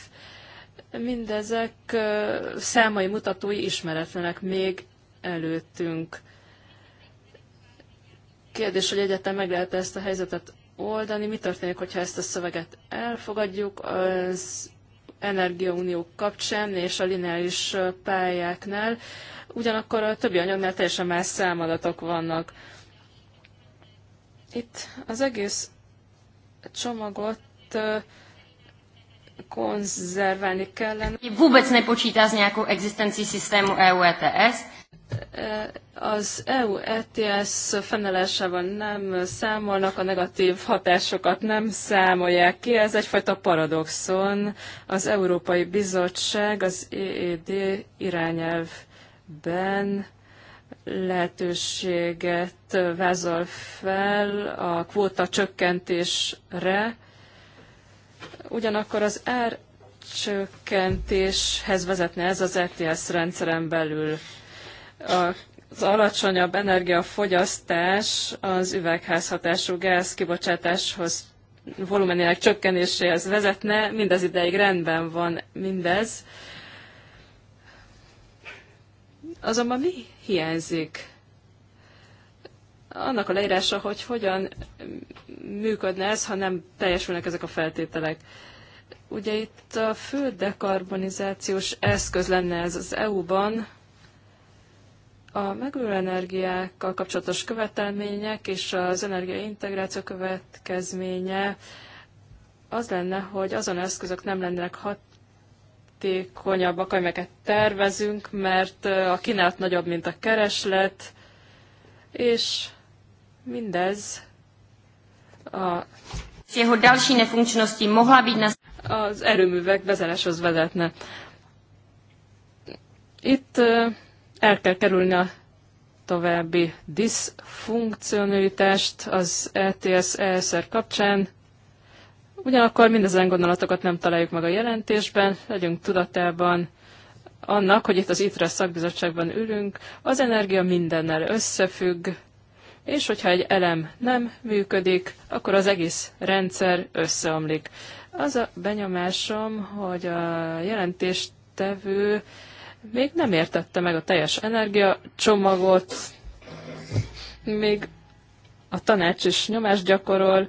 mindezek számai mutatói ismeretlenek még előttünk. Kérdés, hogy egyetem meg lehet -e ezt a helyzetet oldani, mi történik, hogyha ezt a szöveget elfogadjuk, az energiaunió kapcsán és a lineáris pályáknál, ugyanakkor a többi anyagnál teljesen más számadatok vannak. Itt az egész csomagot konzerválni kellene. Vůbec nepočítá s nějakou existencí systému EU ETS az EU ETS fennállásával nem számolnak, a negatív hatásokat nem számolják ki. Ez egyfajta paradoxon. Az Európai Bizottság az EED irányelvben lehetőséget vázol fel a kvóta csökkentésre, ugyanakkor az árcsökkentéshez vezetne ez az ETS rendszeren belül az alacsonyabb energiafogyasztás az üvegházhatású gáz kibocsátáshoz volumenének csökkenéséhez vezetne, mindez ideig rendben van mindez. Azonban mi hiányzik? Annak a leírása, hogy hogyan működne ez, ha nem teljesülnek ezek a feltételek. Ugye itt a fő dekarbonizációs eszköz lenne ez az EU-ban, a megújuló energiákkal kapcsolatos követelmények és az energiaintegráció következménye az lenne, hogy azon eszközök nem lennének hatékonyabbak, amelyeket tervezünk, mert a kínálat nagyobb, mint a kereslet, és mindez a jeho další nefunkčnosti mohla být na... Az erőművek bezáráshoz vezetne. Itt el kell kerülni a további diszfunkcionalitást az ETS ESR kapcsán. Ugyanakkor mindezen gondolatokat nem találjuk meg a jelentésben, legyünk tudatában annak, hogy itt az ITRA szakbizottságban ülünk, az energia mindennel összefügg, és hogyha egy elem nem működik, akkor az egész rendszer összeomlik. Az a benyomásom, hogy a jelentéstevő még nem értette meg a teljes energia csomagot, még a tanács is nyomást gyakorol,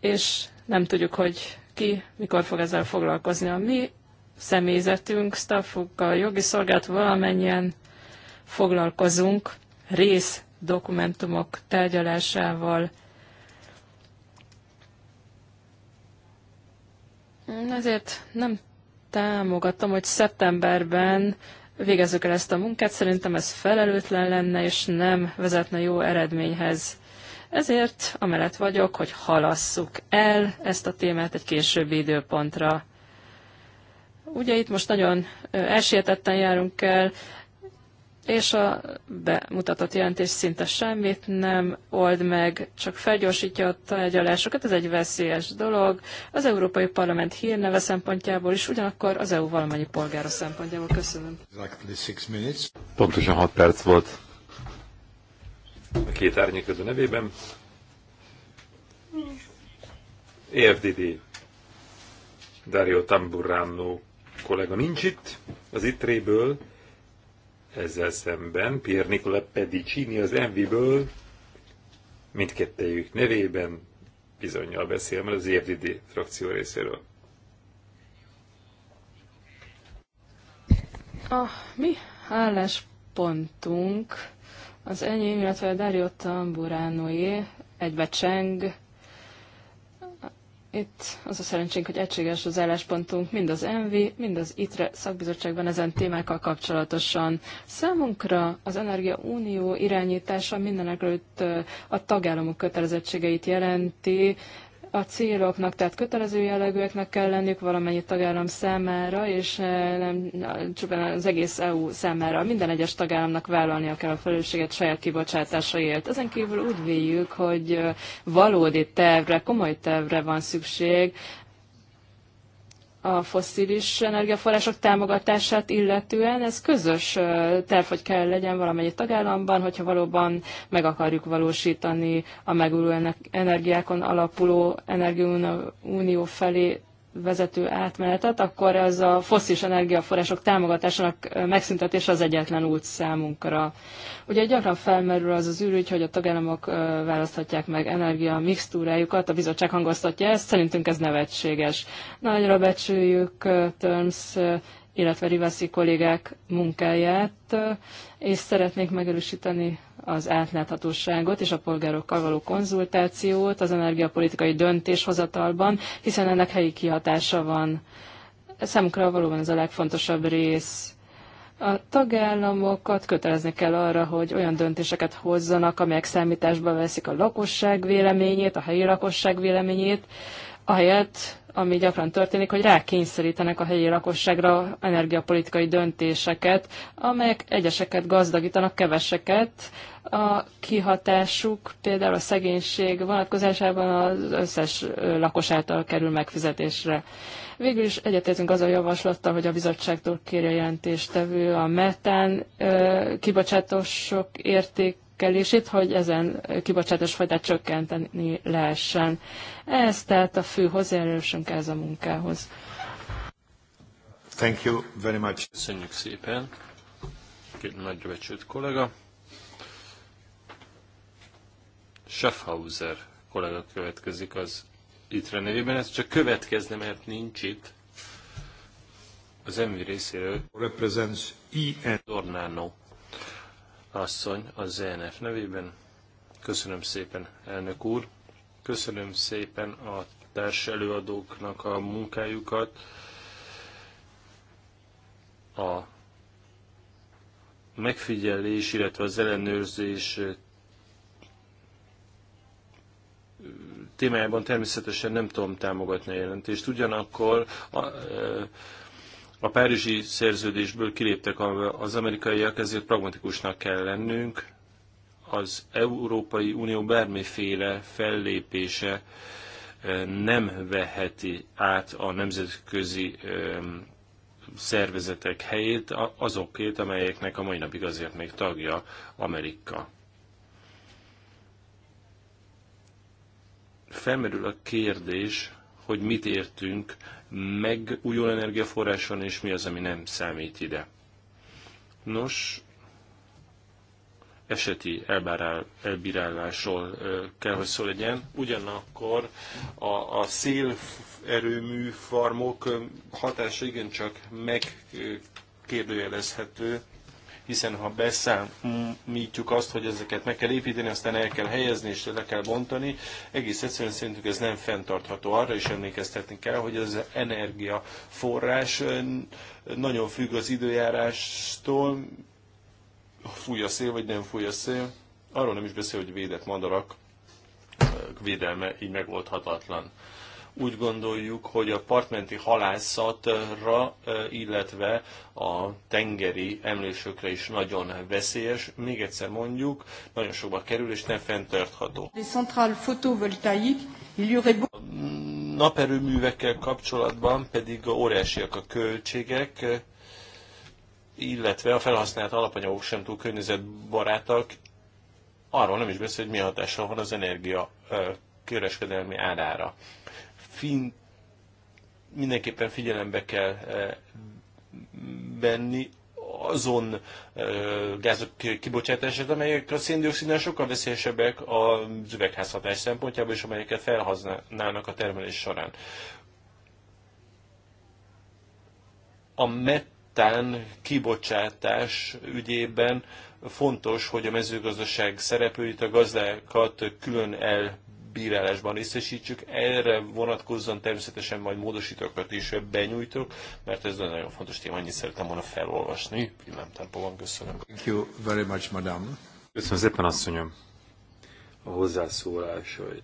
és nem tudjuk, hogy ki mikor fog ezzel foglalkozni. A mi személyzetünk, staffunk, a jogi szolgált valamennyien foglalkozunk rész dokumentumok tárgyalásával. Ezért nem támogatom, hogy szeptemberben végezzük el ezt a munkát, szerintem ez felelőtlen lenne, és nem vezetne jó eredményhez. Ezért amellett vagyok, hogy halasszuk el ezt a témát egy későbbi időpontra. Ugye itt most nagyon elsietetten járunk el, és a bemutatott jelentés szinte semmit nem old meg, csak felgyorsítja a tárgyalásokat, ez egy veszélyes dolog. Az Európai Parlament hírneve szempontjából is, ugyanakkor az EU valamennyi polgára szempontjából. Köszönöm. Pontosan 6 perc volt a két árnyék a nevében. EFDD. Dario Tamburrano kollega nincs itt, az itréből ezzel szemben Pier Nicola Pedicini az Envy-ből mindkettejük nevében bizonyal beszél, mert az EFDD frakció részéről. A mi álláspontunk az enyém, illetve a Dario Tamburánoé egybecseng itt az a szerencsénk, hogy egységes az álláspontunk mind az ENVI, mind az ITRE szakbizottságban ezen témákkal kapcsolatosan. Számunkra az Energia Unió irányítása előtt a tagállamok kötelezettségeit jelenti, a céloknak, tehát kötelező jellegűeknek kell lenniük valamennyi tagállam számára, és eh, nem csupán az egész EU számára. Minden egyes tagállamnak vállalnia kell a felelősséget saját kibocsátásaért. Ezen kívül úgy véljük, hogy eh, valódi tervre, komoly tervre van szükség, a foszilis energiaforrások támogatását illetően ez közös terv, hogy kell legyen valamennyi tagállamban, hogyha valóban meg akarjuk valósítani a megújuló energiákon alapuló energiaunió felé vezető átmenetet, akkor ez a foszilis energiaforrások támogatásának megszüntetése az egyetlen út számunkra. Ugye gyakran felmerül az az ürügy, hogy a tagállamok választhatják meg energia mixtúrájukat, a bizottság hangoztatja ezt, szerintünk ez nevetséges. Nagyra becsüljük Törms illetve Riveszi kollégák munkáját, és szeretnék megerősíteni az átláthatóságot és a polgárokkal való konzultációt az energiapolitikai döntéshozatalban, hiszen ennek helyi kihatása van. Számukra valóban ez a legfontosabb rész. A tagállamokat kötelezni kell arra, hogy olyan döntéseket hozzanak, amelyek számításba veszik a lakosság véleményét, a helyi lakosság véleményét, ahelyett, ami gyakran történik, hogy rákényszerítenek a helyi lakosságra energiapolitikai döntéseket, amelyek egyeseket gazdagítanak, keveseket. A kihatásuk például a szegénység vonatkozásában az összes lakos által kerül megfizetésre. Végül is egyetértünk az a javaslattal, hogy a bizottságtól kérje jelentéstevő a metán kibocsátósok érték értékelését, hogy ezen kibocsátás fajtát csökkenteni lehessen. Ez tehát a fő hozzájárulásunk ez a munkához. Thank you very much. Köszönjük szépen. Két becsült kollega. Schaffhauser kollega következik az itt nevében. Ez csak következne, mert nincs itt. Az emi részéről. Represents E.N. Dornano asszony a ZNF e nevében. Köszönöm szépen, elnök úr. Köszönöm szépen a társ előadóknak a munkájukat. A megfigyelés, illetve az ellenőrzés témájában természetesen nem tudom támogatni a jelentést. Ugyanakkor a, a párizsi szerződésből kiléptek az amerikaiak, ezért pragmatikusnak kell lennünk. Az Európai Unió bármiféle fellépése eh, nem veheti át a nemzetközi eh, szervezetek helyét azokét, amelyeknek a mai napig azért még tagja Amerika. Felmerül a kérdés, hogy mit értünk meg újul energiaforráson, és mi az, ami nem számít ide. Nos, eseti elbárál, elbírálásról kell, hogy szó legyen. Ugyanakkor a, a szélerőmű farmok hatása igencsak megkérdőjelezhető hiszen ha beszámítjuk azt, hogy ezeket meg kell építeni, aztán el kell helyezni és le kell bontani, egész egyszerűen szerintük ez nem fenntartható. Arra is emlékeztetni kell, hogy az energiaforrás nagyon függ az időjárástól, fúj a szél vagy nem fúj a szél, arról nem is beszél, hogy védett madarak védelme így megoldhatatlan. Úgy gondoljuk, hogy a partmenti halászatra, illetve a tengeri emlősökre is nagyon veszélyes. Még egyszer mondjuk, nagyon sokba kerül és nem fenntartható. naperőművekkel kapcsolatban pedig óriásiak a költségek, illetve a felhasznált alapanyagok sem túl környezetbarátak, arról nem is beszél, hogy mi hatással van az energia kereskedelmi árára fin, mindenképpen figyelembe kell e, venni azon e, gázok kibocsátását, amelyek a széndiokszidnál sokkal veszélyesebbek a üvegházhatás szempontjából, és amelyeket felhasználnak a termelés során. A metán kibocsátás ügyében fontos, hogy a mezőgazdaság szereplőit, a gazdákat külön el bírálásban részesítsük. Erre vonatkozzon természetesen majd módosítókat is benyújtok, mert ez nagyon, -nagyon fontos téma, annyit szeretem volna felolvasni. Pillám tempóban köszönöm. Thank you very much, madam. Köszönöm szépen, asszonyom, a hogy.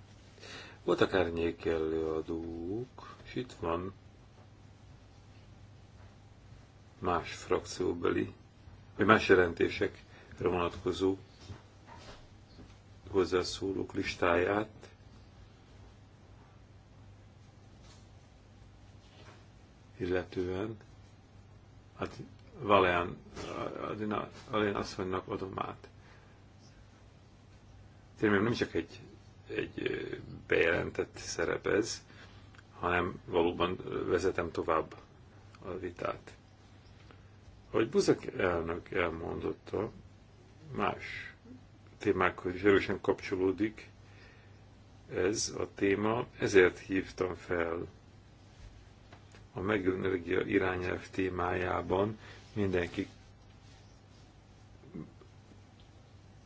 Voltak árnyék előadók, és itt van más frakcióbeli, vagy más jelentésekre vonatkozó hozzászólók listáját. illetően, hát Valéan, Alén asszonynak adom át. Tényleg nem csak egy, egy bejelentett szerep ez, hanem valóban vezetem tovább a vitát. Ahogy Buzak elnök elmondotta, más témákhoz is erősen kapcsolódik ez a téma, ezért hívtam fel a megújuló energia irányelv témájában mindenki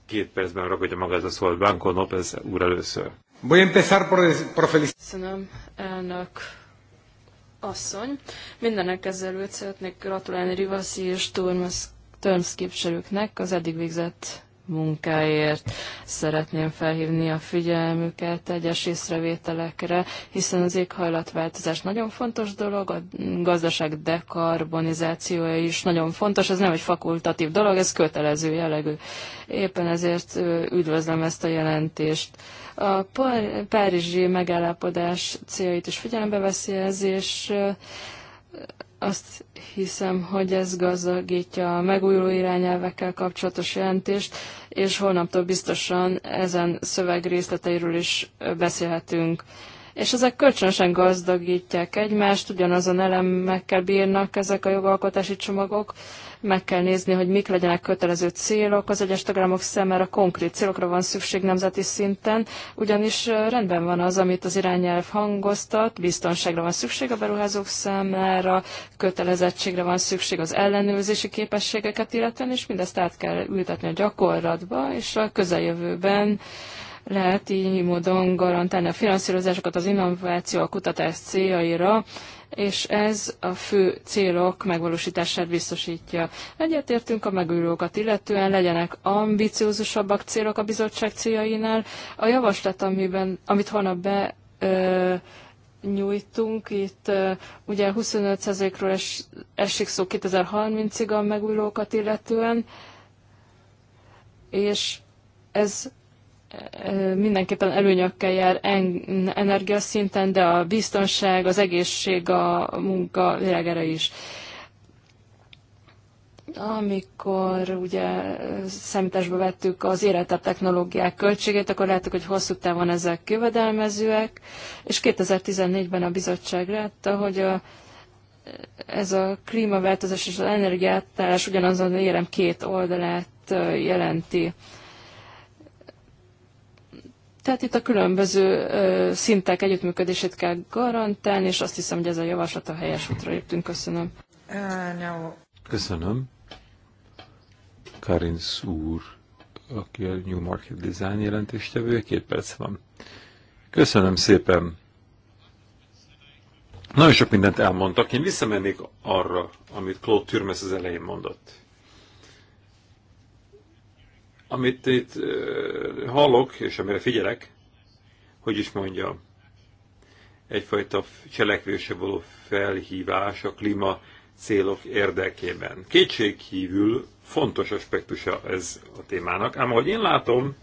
két percben ragadja maga ez a szólt Blanco López úr először. Voy empezar por, por Köszönöm, elnök asszony. Mindenek ezelőtt szeretnék gratulálni Rivasi és Törmsz képviselőknek az eddig végzett munkáért. Szeretném felhívni a figyelmüket egyes észrevételekre, hiszen az éghajlatváltozás nagyon fontos dolog, a gazdaság dekarbonizációja is nagyon fontos, ez nem egy fakultatív dolog, ez kötelező jellegű. Éppen ezért üdvözlöm ezt a jelentést. A párizsi megállapodás céljait is figyelembe veszi ez, és azt hiszem, hogy ez gazdagítja a megújuló irányelvekkel kapcsolatos jelentést, és holnaptól biztosan ezen szöveg részleteiről is beszélhetünk és ezek kölcsönösen gazdagítják egymást, ugyanazon elemekkel bírnak ezek a jogalkotási csomagok, meg kell nézni, hogy mik legyenek kötelező célok. Az egyes tagállamok számára konkrét célokra van szükség nemzeti szinten, ugyanis rendben van az, amit az irányelv hangoztat, biztonságra van szükség a beruházók számára, kötelezettségre van szükség az ellenőrzési képességeket illetően, és mindezt át kell ültetni a gyakorlatba, és a közeljövőben lehet így módon garantálni a finanszírozásokat az innováció, a kutatás céljaira, és ez a fő célok megvalósítását biztosítja. Egyetértünk a megújulókat illetően, legyenek ambiciózusabbak célok a bizottság céljainál. A javaslat, amiben, amit holnap be ö, nyújtunk, itt ö, ugye 25%-ról es, esik szó 2030-ig a megújulókat illetően, és ez mindenképpen előnyökkel jár en, energiaszinten, de a biztonság, az egészség, a munka világára is. Amikor ugye számításba vettük az érettebb technológiák költségét, akkor láttuk, hogy hosszú távon ezek jövedelmezőek, és 2014-ben a bizottság látta, hogy a, ez a klímaváltozás és az energiátállás ugyanazon érem két oldalát jelenti. Tehát itt a különböző szintek együttműködését kell garantálni, és azt hiszem, hogy ez a javaslat a helyes útra léptünk. Köszönöm. Köszönöm. Karin Szúr, aki a New Market Design jelentéstevője, két perc van. Köszönöm szépen. Nagyon sok mindent elmondtak. Én visszamennék arra, amit Claude Türmes az elején mondott. Amit itt hallok, és amire figyelek, hogy is mondja, egyfajta cselekvése való felhívás a klíma célok érdekében. Kétségkívül fontos aspektusa ez a témának, ám ahogy én látom,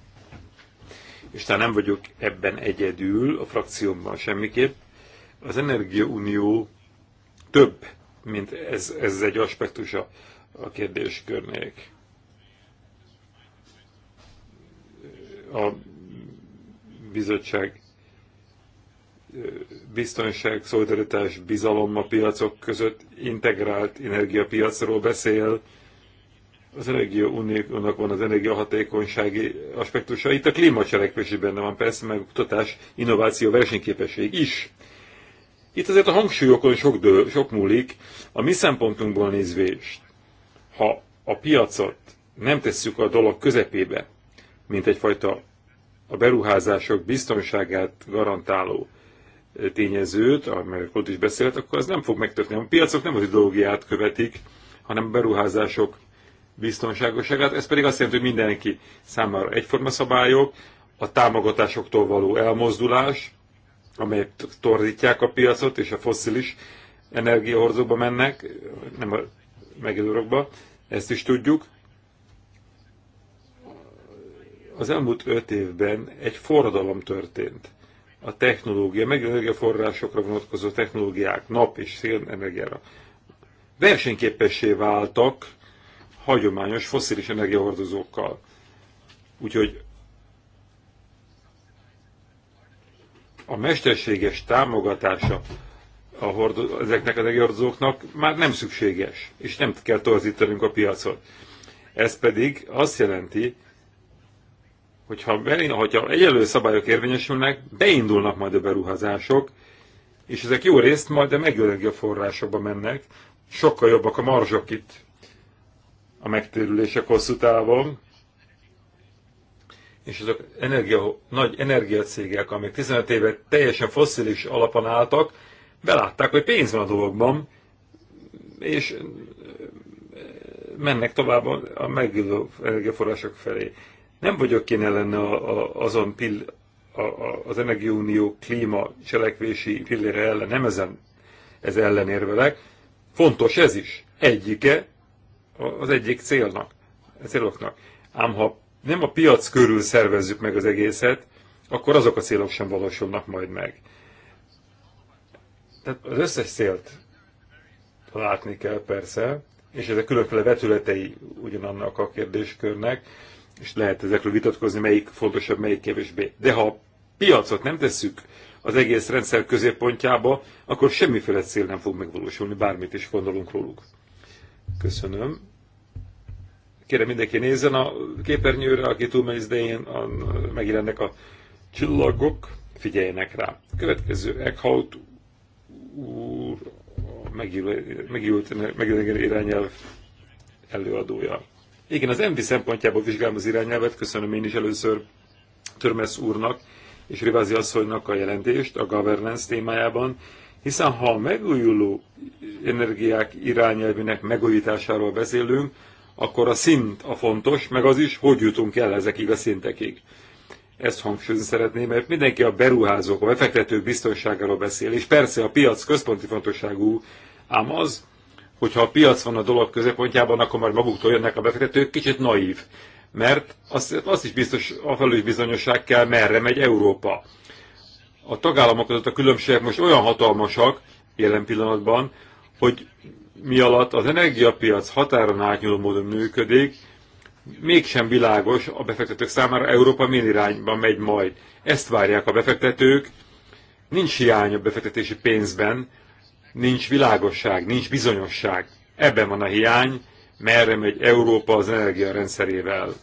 és talán nem vagyok ebben egyedül, a frakciómban semmiképp, az Energiaunió több, mint ez, ez egy aspektusa a kérdéskörnek. a bizottság biztonság, szolidaritás, bizalom a piacok között, integrált energiapiacról beszél. Az Energia van az energiahatékonysági aspektusa. Itt a klímacselekvés is benne van, persze, meg kutatás, innováció, versenyképesség is. Itt azért a hangsúlyokon sok, dő, sok múlik. A mi szempontunkból nézvést, ha a piacot nem tesszük a dolog közepébe, mint egyfajta a beruházások biztonságát garantáló tényezőt, amelyek ott is beszélt, akkor az nem fog megtörténni. A piacok nem az ideológiát követik, hanem a beruházások biztonságosságát. Ez pedig azt jelenti, hogy mindenki számára egyforma szabályok, a támogatásoktól való elmozdulás, amelyek torzítják a piacot, és a fosszilis energiahordozókba mennek, nem a megjelölőkbe, ezt is tudjuk az elmúlt öt évben egy forradalom történt. A technológia, meg energiaforrásokra vonatkozó technológiák, nap és energiára versenyképessé váltak hagyományos foszilis energiahordozókkal. Úgyhogy a mesterséges támogatása a hordo- ezeknek az energiahordozóknak már nem szükséges, és nem kell torzítanunk a piacot. Ez pedig azt jelenti, hogyha, hogyha egyelő szabályok érvényesülnek, beindulnak majd a beruházások, és ezek jó részt majd a megőrgő forrásokba mennek, sokkal jobbak a marzsok itt a megtérülések hosszú távon, és azok energia, nagy energiacégek, amik 15 éve teljesen fosszilis alapon álltak, belátták, hogy pénz van a dolgokban, és mennek tovább a megülő energiaforrások felé. Nem vagyok én ellene a, a, azon pill, a, a, az Energiaunió klíma cselekvési pillére ellen, nem ezen, ez ellen érvelek. Fontos ez is, egyike az egyik célnak, a céloknak. Ám ha nem a piac körül szervezzük meg az egészet, akkor azok a célok sem valósulnak majd meg. Tehát az összes célt látni kell persze, és ezek különféle vetületei ugyanannak a kérdéskörnek, és lehet ezekről vitatkozni, melyik fontosabb, melyik kevésbé. De ha a piacot nem tesszük az egész rendszer középpontjába, akkor semmiféle cél nem fog megvalósulni, bármit is gondolunk róluk. Köszönöm. Kérem mindenki nézzen a képernyőre, aki túlmegy, de én a, megjelennek a csillagok, figyeljenek rá. Következő Eckhout úr megjelent irányelv előadója. Igen, az MV szempontjából vizsgálom az irányelvet, köszönöm én is először Törmesz úrnak és Rivázi asszonynak a jelentést a governance témájában, hiszen ha a megújuló energiák irányelvének megújításáról beszélünk, akkor a szint a fontos, meg az is, hogy jutunk el ezekig a szintekig. Ezt hangsúlyozni szeretném, mert mindenki a beruházók, a befektetők biztonságáról beszél, és persze a piac központi fontosságú, ám az, hogyha a piac van a dolog középpontjában, akkor már maguktól jönnek a befektetők, kicsit naív. Mert azt, azt is biztos, a felül bizonyosság kell, merre megy Európa. A tagállamok között a különbségek most olyan hatalmasak jelen pillanatban, hogy mi alatt az energiapiac határon átnyúló módon működik, mégsem világos a befektetők számára Európa milyen irányba megy majd. Ezt várják a befektetők, nincs hiány a befektetési pénzben, nincs világosság, nincs bizonyosság. Ebben van a hiány, merre megy Európa az energiarendszerével.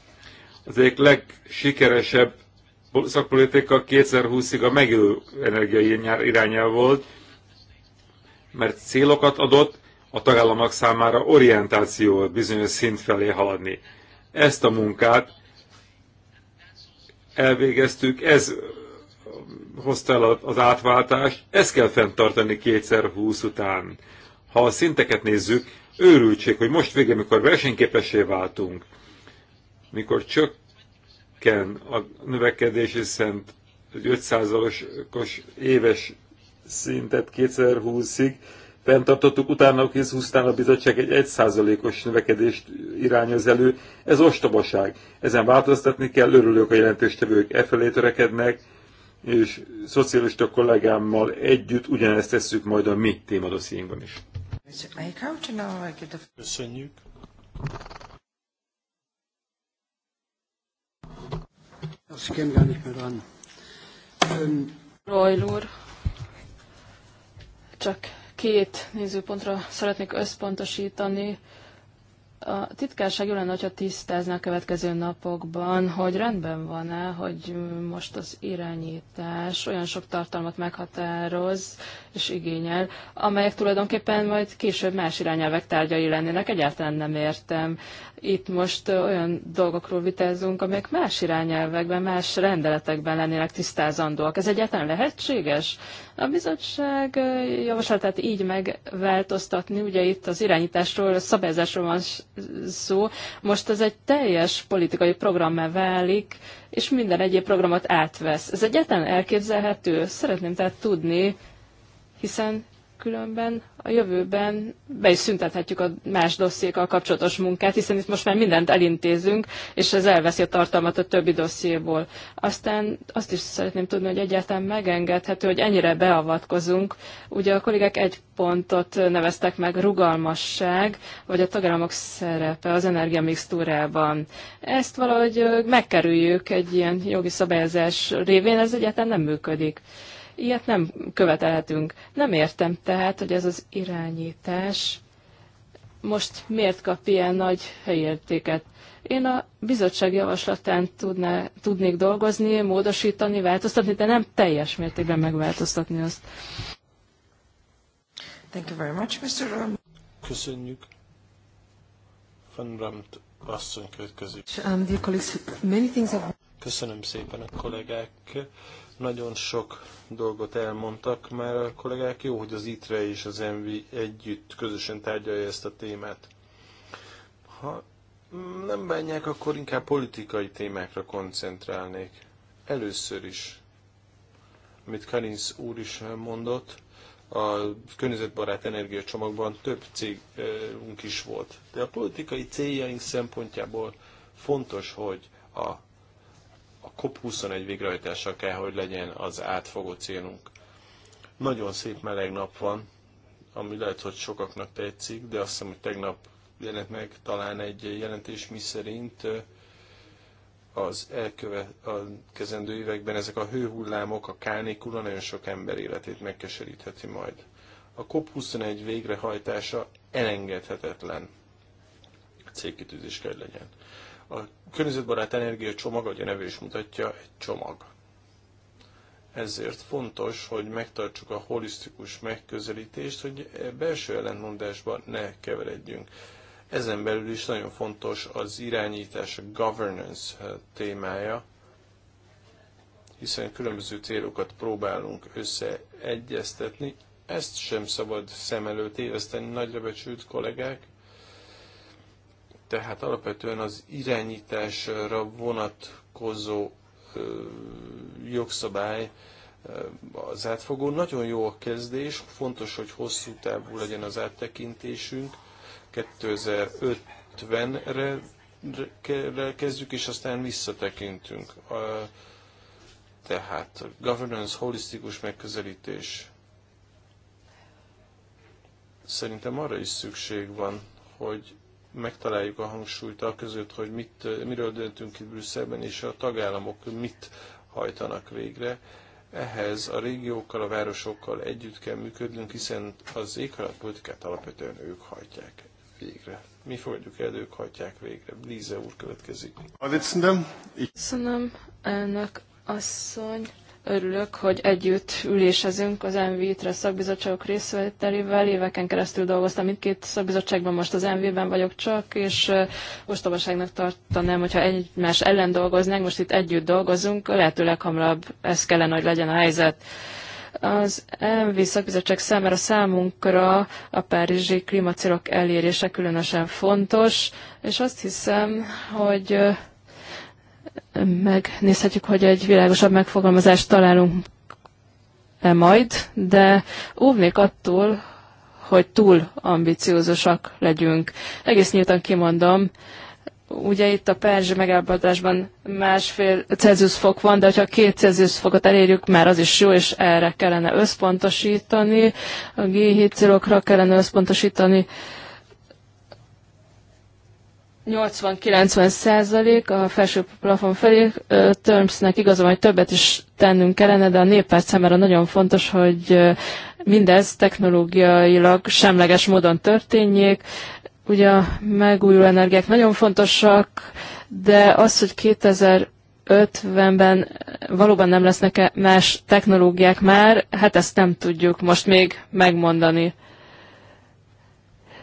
Az egyik legsikeresebb szakpolitika 2020-ig a megélő energia irányel volt, mert célokat adott a tagállamok számára orientációt bizonyos szint felé haladni. Ezt a munkát elvégeztük, ez hozta el az átváltás ezt kell fenntartani kétszer 20 után. Ha a szinteket nézzük, őrültség, hogy most vége, mikor versenyképessé váltunk, mikor csökken a növekedés, hiszen egy 5%-os éves szintet 2020-ig fenntartottuk, utána 20 tán a bizottság egy 1%-os növekedést irányoz elő. Ez ostobaság. Ezen változtatni kell, örülök a jelentéstevők e felé törekednek, és szocialista kollégámmal együtt ugyanezt tesszük majd a mi témadossziénkban is. Köszönjük. Das käme gar nicht mehr an. Ähm, úr, csak két nézőpontra szeretnék összpontosítani. A titkárság jó lenne, hogyha tisztázna a következő napokban, hogy rendben van-e, hogy most az irányítás olyan sok tartalmat meghatároz és igényel, amelyek tulajdonképpen majd később más irányelvek tárgyai lennének. Egyáltalán nem értem. Itt most olyan dolgokról vitázunk, amelyek más irányelvekben, más rendeletekben lennének tisztázandóak. Ez egyáltalán lehetséges? A bizottság javaslatát így megváltoztatni, ugye itt az irányításról, a szabályzásról van szó. Most ez egy teljes politikai programmá válik, és minden egyéb programot átvesz. Ez egyetlen elképzelhető? Szeretném tehát tudni, hiszen különben a jövőben be is szüntethetjük a más dossziékkal kapcsolatos munkát, hiszen itt most már mindent elintézünk, és ez elveszi a tartalmat a többi dossziéból. Aztán azt is szeretném tudni, hogy egyáltalán megengedhető, hogy ennyire beavatkozunk. Ugye a kollégák egy pontot neveztek meg rugalmasság, vagy a tagállamok szerepe az energiamixtúrában. Ezt valahogy megkerüljük egy ilyen jogi szabályozás révén, ez egyáltalán nem működik. Ilyet nem követelhetünk. Nem értem tehát, hogy ez az irányítás most miért kap ilyen nagy helyértéket. Én a bizottság javaslatán tudná, tudnék dolgozni, módosítani, változtatni, de nem teljes mértékben megváltoztatni azt. Thank you very much, Mr. Ram. Köszönjük. Van Ramt asszony következik. Um, Köszönöm szépen a kollégák nagyon sok dolgot elmondtak már a kollégák. Jó, hogy az ITRE és az ENVI együtt közösen tárgyalja ezt a témát. Ha nem bánják, akkor inkább politikai témákra koncentrálnék. Először is, amit Karinsz úr is mondott, a környezetbarát energiacsomagban több cégünk is volt. De a politikai céljaink szempontjából fontos, hogy a COP21 végrehajtása kell, hogy legyen az átfogó célunk. Nagyon szép meleg nap van, ami lehet, hogy sokaknak tetszik, de azt hiszem, hogy tegnap jelent meg talán egy jelentés, mi szerint az elkövetkezendő években ezek a hőhullámok, a kánikula nagyon sok ember életét megkeserítheti majd. A COP21 végrehajtása elengedhetetlen célkitűzés kell legyen. A környezetbarát energia csomag, ahogy a nevű is mutatja, egy csomag. Ezért fontos, hogy megtartsuk a holisztikus megközelítést, hogy belső ellentmondásba ne keveredjünk. Ezen belül is nagyon fontos az irányítás, a governance témája, hiszen különböző célokat próbálunk összeegyeztetni. Ezt sem szabad szem előtt éveszteni, nagyra becsült kollégák. Tehát alapvetően az irányításra vonatkozó jogszabály az átfogó. Nagyon jó a kezdés, fontos, hogy hosszú távú legyen az áttekintésünk. 2050-re kezdjük, és aztán visszatekintünk. Tehát governance, holisztikus megközelítés. Szerintem arra is szükség van, hogy megtaláljuk a hangsúlyt a között, hogy mit, miről döntünk itt Brüsszelben, és a tagállamok mit hajtanak végre. Ehhez a régiókkal, a városokkal együtt kell működnünk, hiszen az éghajlatpolitikát alapvetően ők hajtják végre. Mi fogjuk el, ők hajtják végre. Blíze úr következik. Köszönöm, elnök asszony. Örülök, hogy együtt ülésezünk az MV tre szakbizottságok részvételével. Éveken keresztül dolgoztam mindkét szakbizottságban, most az MV-ben vagyok csak, és ostobaságnak tartanám, hogyha egymás ellen dolgoznánk, most itt együtt dolgozunk, lehetőleg hamarabb ez kellene, hogy legyen a helyzet az MV szakbizottság számára számunkra a párizsi klímacélok elérése különösen fontos, és azt hiszem, hogy Megnézhetjük, hogy egy világosabb megfogalmazást találunk -e majd, de óvnék attól, hogy túl ambiciózusak legyünk. Egész nyíltan kimondom, ugye itt a Perzsi megállapodásban másfél Celsius fok van, de ha két Celsius fokot elérjük, már az is jó, és erre kellene összpontosítani, a G7 célokra kellene összpontosítani. Uh, 80-90 százalék a felső plafon felé. Törmsznek igazam, hogy többet is tennünk kellene, de a néppárt számára nagyon fontos, hogy mindez technológiailag semleges módon történjék. Ugye a megújuló energiák nagyon fontosak, de az, hogy 2000 50-ben valóban nem lesznek -e más technológiák már, hát ezt nem tudjuk most még megmondani.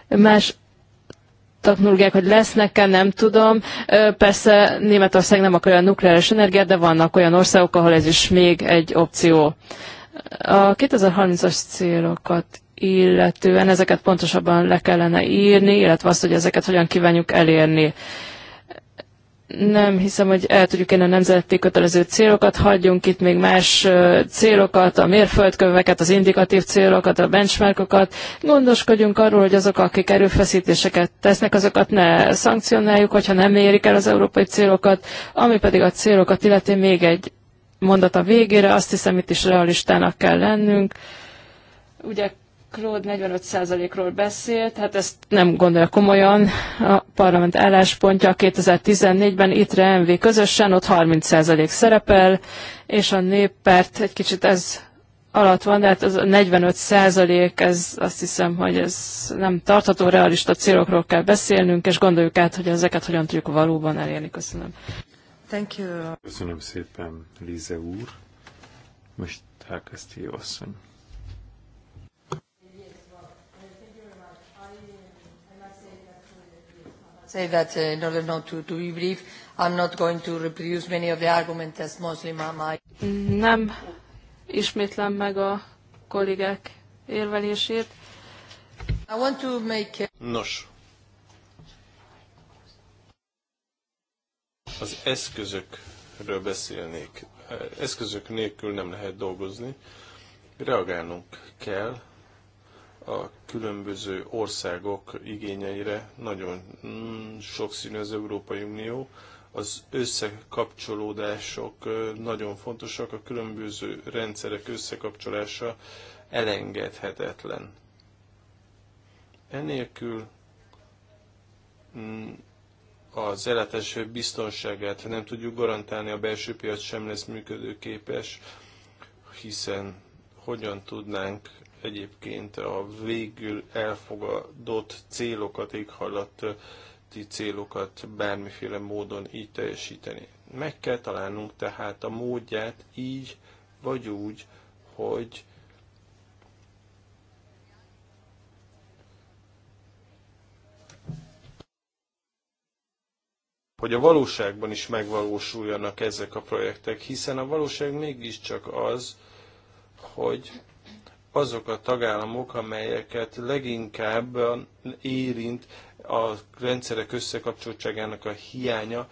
Más technológiák, hogy lesznek-e, nem tudom. Persze Németország nem akarja a nukleáris energiát, de vannak olyan országok, ahol ez is még egy opció. A 2030-as célokat illetően ezeket pontosabban le kellene írni, illetve azt, hogy ezeket hogyan kívánjuk elérni nem hiszem, hogy el tudjuk én a nemzeti kötelező célokat, hagyjunk itt még más célokat, a mérföldköveket, az indikatív célokat, a benchmarkokat. Gondoskodjunk arról, hogy azok, akik erőfeszítéseket tesznek, azokat ne szankcionáljuk, hogyha nem érik el az európai célokat, ami pedig a célokat illeti még egy mondat a végére, azt hiszem itt is realistának kell lennünk. Ugye Claude 45%-ról beszélt, hát ezt nem gondolja komolyan. A parlament álláspontja 2014-ben itt MV közösen, ott 30% szerepel, és a néppárt egy kicsit ez alatt van, de hát az a 45 százalék, ez azt hiszem, hogy ez nem tartható, realista célokról kell beszélnünk, és gondoljuk át, hogy ezeket hogyan tudjuk valóban elérni. Köszönöm. Thank you. Köszönöm szépen, Lize úr. Most elkezdti asszony. say that uh, in order not to, to be brief, I'm not going to reproduce many of the arguments as mostly my... Nem ismétlem meg a kollégák érvelését. I want to make... Nos, az eszközökről beszélnék. Eszközök nélkül nem lehet dolgozni. Reagálnunk kell a különböző országok igényeire. Nagyon mm, sokszínű az Európai Unió. Az összekapcsolódások nagyon fontosak, a különböző rendszerek összekapcsolása elengedhetetlen. Enélkül mm, az eletes biztonságát nem tudjuk garantálni, a belső piac sem lesz működőképes, hiszen hogyan tudnánk egyébként a végül elfogadott célokat, éghajlati célokat bármiféle módon így teljesíteni. Meg kell találnunk tehát a módját így vagy úgy, hogy hogy a valóságban is megvalósuljanak ezek a projektek, hiszen a valóság mégiscsak az, hogy azok a tagállamok, amelyeket leginkább érint a rendszerek összekapcsoltságának a hiánya,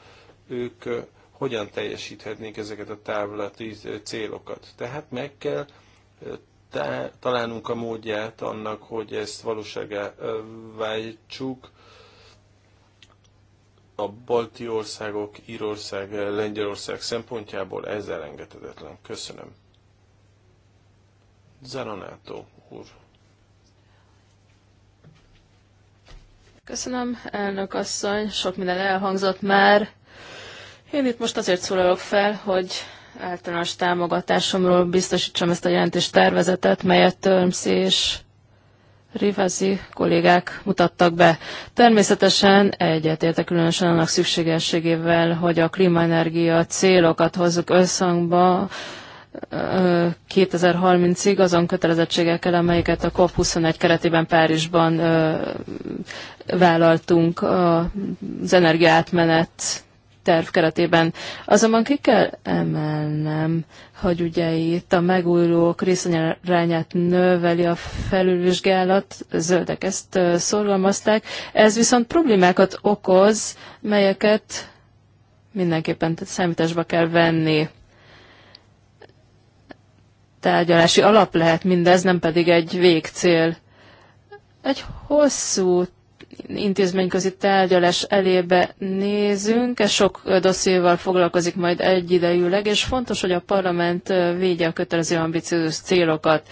ők hogyan teljesíthetnék ezeket a távlati célokat. Tehát meg kell találnunk a módját annak, hogy ezt valóságá váltsuk. A balti országok, Írország, Lengyelország szempontjából ez elengedhetetlen. Köszönöm. Zaranátó úr. Köszönöm, elnök asszony, sok minden elhangzott már. Én itt most azért szólalok fel, hogy általános támogatásomról biztosítsam ezt a jelentés tervezetet, melyet Törmsz és Rivazi kollégák mutattak be. Természetesen egyetértek különösen annak szükségességével, hogy a klímaenergia célokat hozzuk összhangba 2030-ig azon kötelezettségekkel, amelyeket a COP21 keretében Párizsban vállaltunk az energiaátmenet terv keretében. Azonban ki kell emelnem, hogy ugye itt a megújulók részanyarányát növeli a felülvizsgálat, zöldek ezt szorgalmazták. Ez viszont problémákat okoz, melyeket mindenképpen számításba kell venni tárgyalási alap lehet mindez, nem pedig egy végcél. Egy hosszú intézményközi tárgyalás elébe nézünk, ez sok dosszéval foglalkozik majd egyidejűleg, és fontos, hogy a parlament védje a kötelező ambiciózus célokat.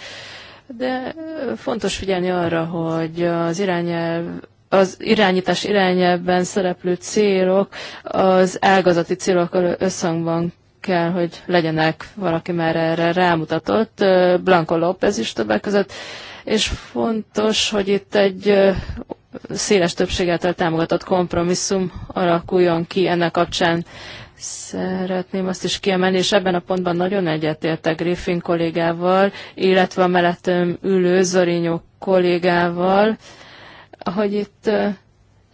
De fontos figyelni arra, hogy az irányelv az irányítás irányelben szereplő célok az ágazati célokkal összhangban kell, hogy legyenek, valaki már erre rámutatott, Blanco López is többek között, és fontos, hogy itt egy széles többség által támogatott kompromisszum alakuljon ki ennek kapcsán. Szeretném azt is kiemelni, és ebben a pontban nagyon egyetértek Griffin kollégával, illetve a mellettem ülő Zorinyó kollégával, hogy itt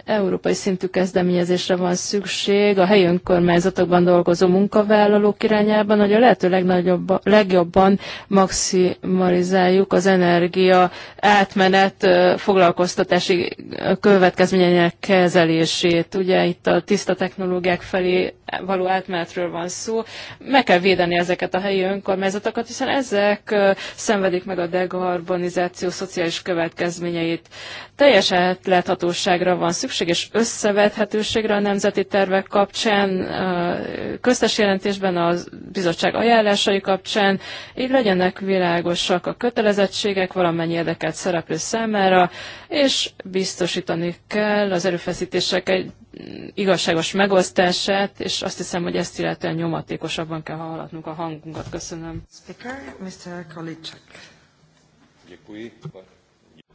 Európai szintű kezdeményezésre van szükség a helyi önkormányzatokban dolgozó munkavállalók irányában, hogy a lehető legnagyobb, legjobban maximalizáljuk az energia átmenet foglalkoztatási következményeinek kezelését. Ugye itt a tiszta technológiák felé való átmenetről van szó. Meg kell védeni ezeket a helyi önkormányzatokat, hiszen ezek szenvedik meg a dekarbonizáció szociális következményeit. Teljes átláthatóságra van szükség, és összevethetőségre a nemzeti tervek kapcsán, köztes jelentésben a bizottság ajánlásai kapcsán, így legyenek világosak a kötelezettségek valamennyi érdekelt szereplő számára, és biztosítani kell az erőfeszítések egy igazságos megosztását, és azt hiszem, hogy ezt illetően nyomatékosabban kell hallatnunk a hangunkat. Köszönöm. Speaker, Mr. Kolicek. Děkuji.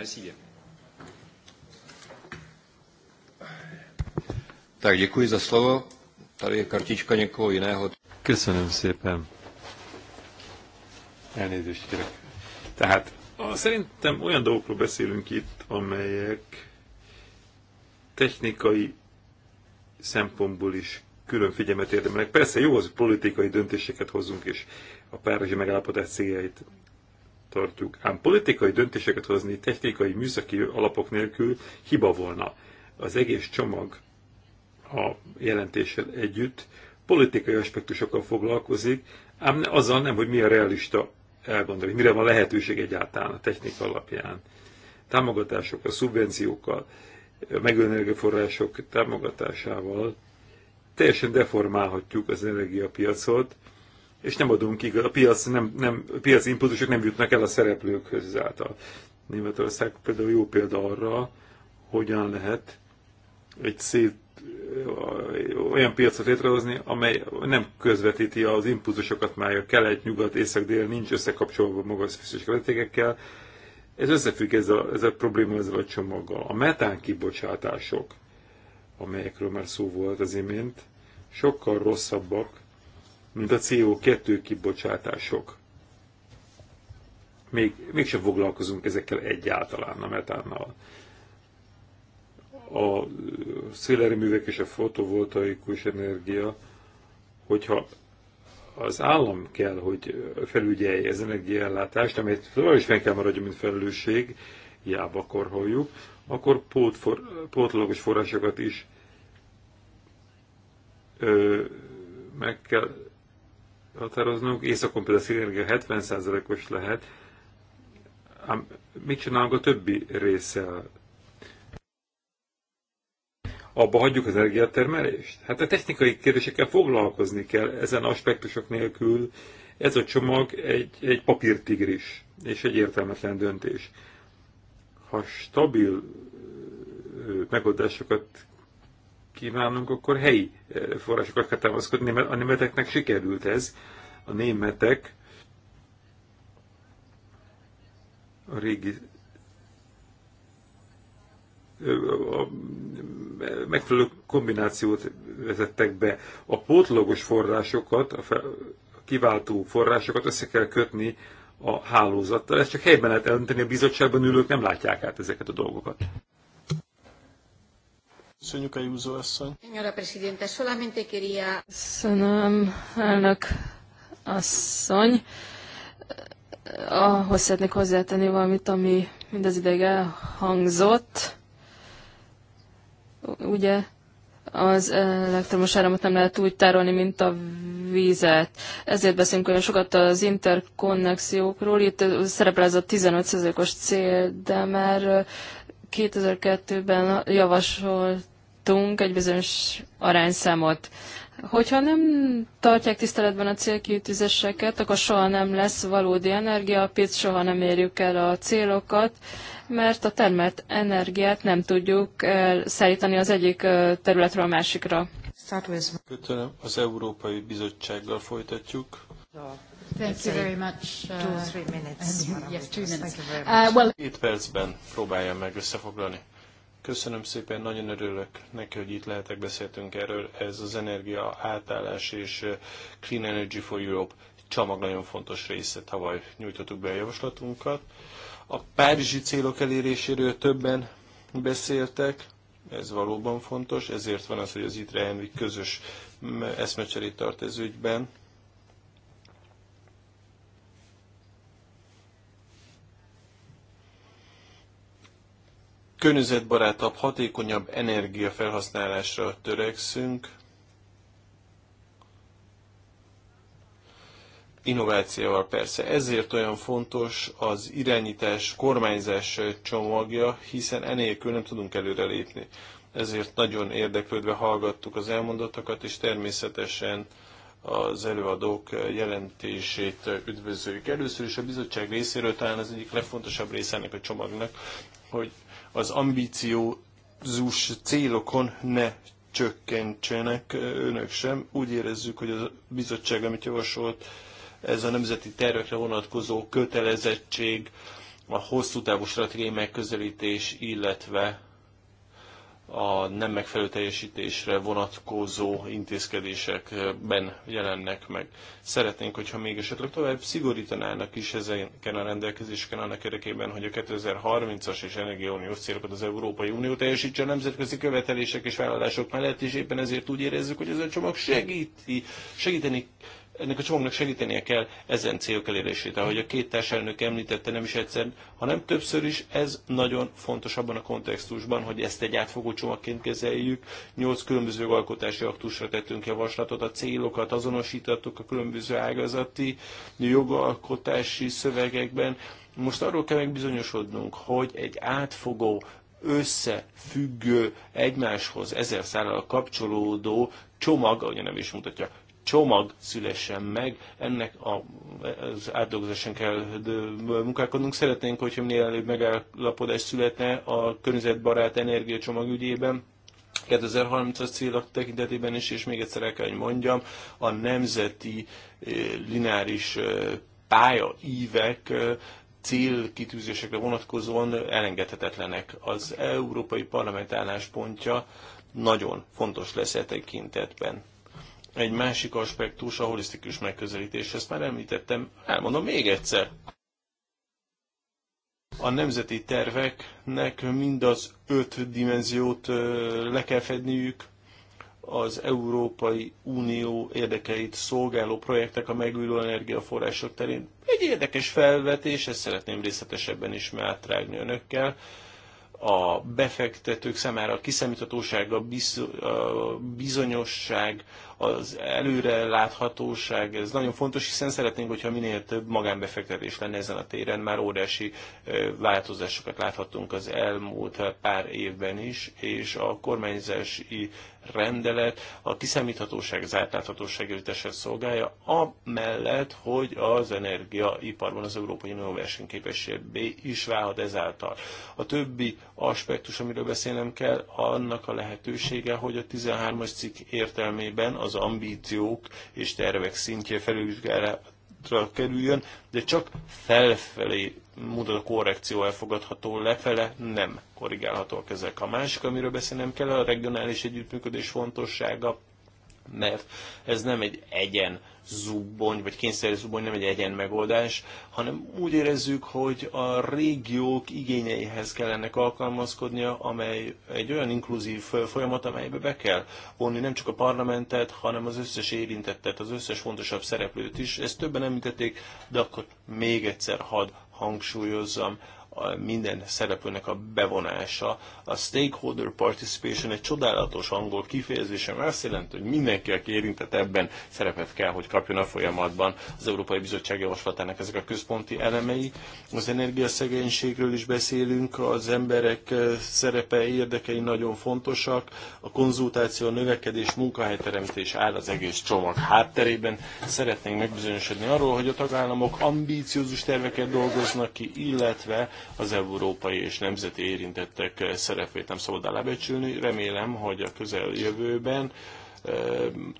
Merci Tak, děkuji za slovo. Tady je kartička někoho jiného. Köszönöm szépen. Elnézést kérek. Tehát szerintem olyan dolgokról beszélünk itt, amelyek technikai szempontból is külön figyelmet érdemelnek. Persze jó az, politikai döntéseket hozunk, és a párizsi megállapodás céljait tartjuk, ám politikai döntéseket hozni technikai, műszaki alapok nélkül hiba volna. Az egész csomag a jelentéssel együtt politikai aspektusokkal foglalkozik, ám azzal nem, hogy mi a realista elgondolni, mire van lehetőség egyáltalán a technika alapján. Támogatásokkal, szubvenciókkal, megőlő támogatásával teljesen deformálhatjuk az energiapiacot, és nem adunk ki, a, piac nem, nem, a piaci impulzusok nem jutnak el a szereplőkhöz ezáltal. Németország például jó példa arra, hogyan lehet egy szét olyan piacot létrehozni, amely nem közvetíti az impulzusokat már a kelet, nyugat, észak, dél nincs összekapcsolva maga a költségekkel. Ez összefügg ez a, ez a probléma ezzel a csomaggal. A metán kibocsátások, amelyekről már szó volt az imént, sokkal rosszabbak, mint a CO2 kibocsátások. Még, mégsem foglalkozunk ezekkel egyáltalán a metánnal. A szélerőművek és a fotovoltaikus energia, hogyha az állam kell, hogy felügyelje az energiaellátást, amelyet tovább is fenn kell maradjon, mint felelősség, hiába korholjuk, akkor pótfor, pótlagos forrásokat is ö, meg kell határoznunk. Északon például a szinergia 70%-os lehet. Ám mit csinálunk a többi része? Abba hagyjuk az energiatermelést? Hát a technikai kérdésekkel foglalkozni kell ezen aspektusok nélkül. Ez a csomag egy, egy papírtigris és egy értelmetlen döntés. Ha stabil megoldásokat kívánunk, akkor helyi eh, forrásokat kell támaszkodni. A németeknek sikerült ez. A németek a régi a megfelelő kombinációt vezettek be. A pótlagos forrásokat, a, fel, a kiváltó forrásokat össze kell kötni a hálózattal. Ezt csak helyben lehet elönteni, a bizottságban ülők nem látják át ezeket a dolgokat. Köszönjük a Júzó asszony. Señora Presidente, solamente quería... Köszönöm, elnök asszony. Ahhoz szeretnék hozzátenni valamit, ami mindez ideig elhangzott. Ugye az elektromos áramot nem lehet úgy tárolni, mint a vízet. Ezért beszélünk olyan sokat az interkonnexiókról. Itt szerepel ez a 15%-os cél, de már 2002-ben javasolt tartunk egy bizonyos arányszámot. Hogyha nem tartják tiszteletben a célkiütőzéseket, akkor soha nem lesz valódi energiapic, soha nem érjük el a célokat, mert a termelt energiát nem tudjuk szállítani az egyik területről a másikra. Köszönöm. Az Európai Bizottsággal folytatjuk. Thank you very much. Uh, two or three minutes. Yes, two minutes. Uh, well... Két percben próbálja meg összefoglalni. Köszönöm szépen, nagyon örülök neki, hogy itt lehetek, beszéltünk erről. Ez az energia átállás és Clean Energy for Europe csomag nagyon fontos része. Tavaly nyújtottuk be a javaslatunkat. A párizsi célok eléréséről többen beszéltek, ez valóban fontos, ezért van az, hogy az ITRE Envi közös eszmecserét tart ez ügyben. környezetbarátabb, hatékonyabb energiafelhasználásra törekszünk, innovációval persze. Ezért olyan fontos az irányítás, kormányzás csomagja, hiszen enélkül nem tudunk előrelépni. Ezért nagyon érdeklődve hallgattuk az elmondottakat, és természetesen az előadók jelentését üdvözöljük. Először is a bizottság részéről talán az egyik legfontosabb része ennek a csomagnak, hogy az ambíciózus célokon ne csökkentsenek önök sem. Úgy érezzük, hogy a bizottság, amit javasolt, ez a nemzeti tervekre vonatkozó kötelezettség, a hosszú távú stratégiai megközelítés, illetve a nem megfelelő teljesítésre vonatkozó intézkedésekben jelennek meg. Szeretnénk, hogyha még esetleg tovább szigorítanának is ezeken a rendelkezéseken annak érdekében, hogy a 2030-as és energiauniós célokat az Európai Unió teljesítse a nemzetközi követelések és vállalások mellett, és éppen ezért úgy érezzük, hogy ez a csomag segíti, segíteni ennek a csomagnak segítenie kell ezen célok elérését. Ahogy a két társelnök említette nem is egyszer, hanem többször is, ez nagyon fontos abban a kontextusban, hogy ezt egy átfogó csomagként kezeljük. Nyolc különböző alkotási aktusra tettünk javaslatot, a célokat azonosítottuk a különböző ágazati jogalkotási szövegekben. Most arról kell megbizonyosodnunk, hogy egy átfogó összefüggő, egymáshoz ezer szállal kapcsolódó csomag, ahogy nem is mutatja, csomag szülessen meg, ennek a, az átdolgozásán kell munkálkodnunk. Szeretnénk, hogyha minél előbb megállapodás születne a környezetbarát energiacsomag ügyében, 2030-as célok tekintetében is, és még egyszer el kell, hogy mondjam, a nemzeti lineáris pályaívek célkitűzésekre vonatkozóan elengedhetetlenek. Az Európai Parlament álláspontja nagyon fontos lesz e tekintetben. Egy másik aspektus a holisztikus megközelítés, ezt már említettem, elmondom még egyszer. A nemzeti terveknek mind az öt dimenziót le kell fedniük, az Európai Unió érdekeit szolgáló projektek a megújuló energiaforrások terén. Egy érdekes felvetés, ezt szeretném részletesebben is átrágni önökkel. A befektetők számára a kiszámíthatóság, a bizonyosság, az előre láthatóság, ez nagyon fontos, hiszen szeretnénk, hogyha minél több magánbefektetés lenne ezen a téren, már óriási változásokat láthatunk az elmúlt pár évben is, és a kormányzási rendelet a kiszámíthatóság, az átláthatóság javítását szolgálja, amellett, hogy az energiaiparban az Európai Unió versenyképességbé is válhat ezáltal. A többi aspektus, amiről beszélnem kell, annak a lehetősége, hogy a 13-as cikk értelmében az az ambíciók és tervek szintje felülvizsgálatra kerüljön, de csak felfelé mutat a korrekció elfogadható, lefele nem korrigálhatóak ezek. A másik, amiről beszélnem kell, a regionális együttműködés fontossága, mert ez nem egy egyen zubbony, vagy kényszerű zubbony nem egy egyen megoldás, hanem úgy érezzük, hogy a régiók igényeihez kell ennek alkalmazkodnia, amely egy olyan inkluzív folyamat, amelybe be kell vonni nem csak a parlamentet, hanem az összes érintettet, az összes fontosabb szereplőt is. Ezt többen említették, de akkor még egyszer hadd hangsúlyozzam a minden szereplőnek a bevonása. A stakeholder participation egy csodálatos angol kifejezésem azt jelenti, hogy mindenki, aki érintett ebben szerepet kell, hogy kapjon a folyamatban. Az Európai Bizottság javaslatának ezek a központi elemei. Az energiaszegénységről is beszélünk, az emberek eh, szerepe, érdekei nagyon fontosak, a konzultáció, a növekedés, munkahelyteremtés áll az egész csomag hátterében. Szeretnénk megbizonyosodni arról, hogy a tagállamok ambíciózus terveket dolgoznak ki, illetve az európai és nemzeti érintettek szerepét nem szabad elbecsülni. Remélem, hogy a közeljövőben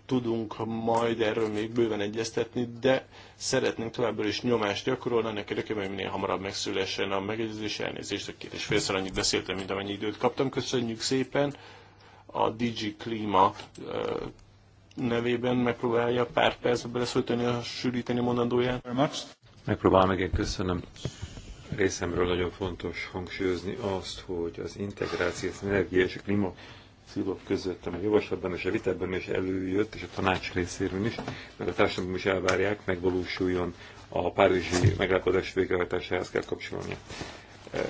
tudunk majd erről még bőven egyeztetni, de szeretnénk továbbra is nyomást gyakorolni, annak érdekében, hogy minél hamarabb megszülessen a megegyezés elnézést, a két és félszer annyit beszéltem, mint amennyi időt kaptam. Köszönjük szépen! A Digi Klíma nevében megpróbálja pár percbe beleszólítani, a sűríteni mondandóját. Megpróbál meg, köszönöm. Részemről nagyon fontos hangsúlyozni azt, hogy az integráció, az energia és a klíma célok között, ami a javaslatban és a vitában is előjött, és a tanács részéről is, meg a társadalom is elvárják, megvalósuljon a párizsi megállapodás végrehajtásához kell kapcsolni. Eh,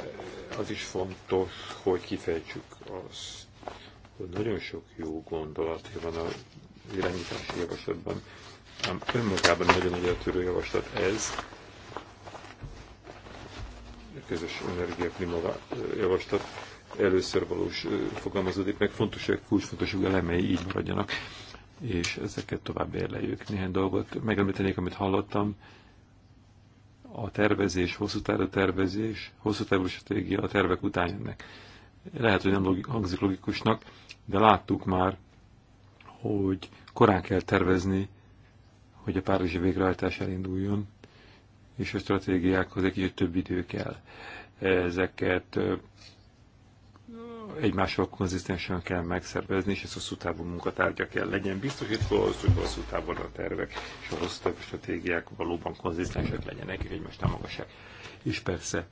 az is fontos, hogy kifejtsük azt, hogy nagyon sok jó gondolat van a irányítási javaslatban, önmagában nagyon nagy eltörő javaslat ez, közös energiaklíma javaslat először valós fogalmazódik meg, fontos, kulcsfontosú elemei így maradjanak, és ezeket tovább érleljük. Néhány dolgot megemlítenék, amit hallottam, a tervezés, hosszú távú tervezés, hosszú távú stratégia a tervek után jönnek. Lehet, hogy nem logik, hangzik logikusnak, de láttuk már, hogy korán kell tervezni, hogy a párizsi végrehajtás elinduljon, és a stratégiákhoz egy kicsit több idő kell. Ezeket egymással konzisztensen kell megszervezni, és ez hosszú távú munkatárgya kell legyen biztosítva az, hogy hosszú távon a tervek és a hosszú távú stratégiák valóban konzisztensek legyenek, és egymást támogassák. És persze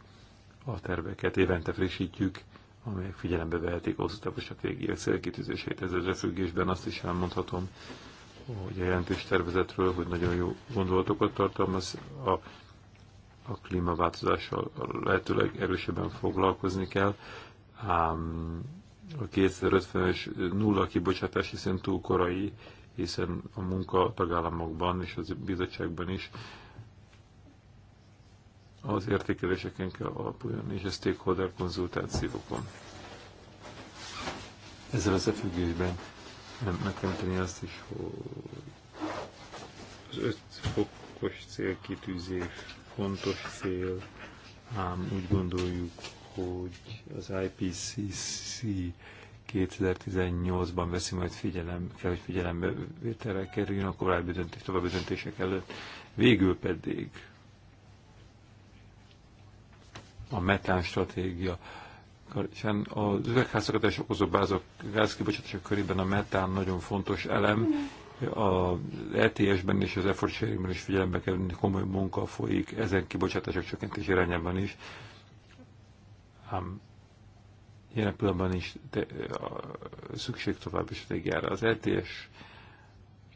a terveket évente frissítjük, amelyek figyelembe vehetik a hosszú távú stratégia célkitűzését. az összefüggésben azt is elmondhatom, hogy a jelentős tervezetről, hogy nagyon jó gondolatokat tartalmaz a a klímaváltozással lehetőleg erősebben foglalkozni kell, ám a 2050-es nulla kibocsátási hiszen túl korai, hiszen a munka tagállamokban és az bizottságban is az értékeléseken kell alapuljon, és a stakeholder konzultációkon. Ezzel függésben nem meg kell tenni azt is, hogy az 5 fokos célkitűzés fontos cél, ám úgy gondoljuk, hogy az IPCC 2018-ban veszi majd figyelem, kell, hogy figyelembe vételre kerüljön a korábbi döntés, további döntések előtt. Végül pedig a metán stratégia. Az üvegházszakadás okozó bázok gázkibocsátások körében a metán nagyon fontos elem, az ETS-ben és az effort sharingben is figyelembe kell venni, komoly munka folyik, ezen kibocsátások csökkentés irányában is. Ám jelen pillanatban is de, a, szükség további stratégiára. Az ETS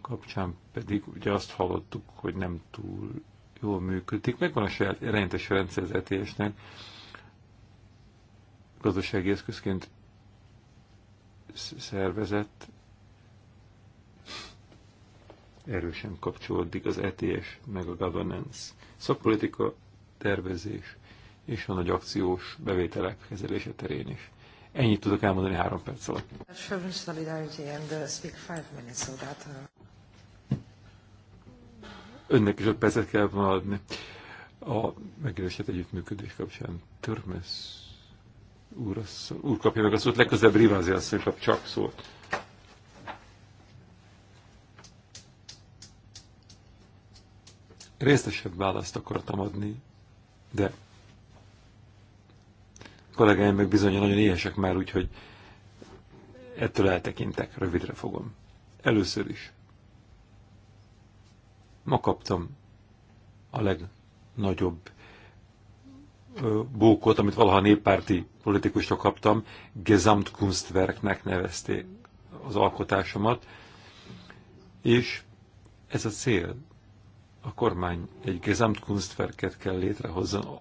kapcsán pedig ugye azt hallottuk, hogy nem túl jól működik. Megvan a saját rendes rendszer az ETS-nek, gazdasági eszközként szervezett, erősen kapcsolódik az ETS meg a governance, szakpolitika, tervezés és a nagy akciós bevételek kezelése terén is. Ennyit tudok elmondani három perc alatt. Uh, uh. Önnek is öt percet kell volna adni. A megélését együttműködés kapcsán törmesz úr, úr kapja meg a szót, legközelebb Rivázi asszony kap csak szót. részesebb választ akartam adni, de a kollégáim meg bizony nagyon éhesek már, úgyhogy ettől eltekintek, rövidre fogom. Először is. Ma kaptam a legnagyobb bókot, amit valaha néppárti politikusra kaptam, Gesamtkunstwerknek nevezték az alkotásomat, és ez a cél, a kormány egy Gesamtkunstwerket kell létrehozzon,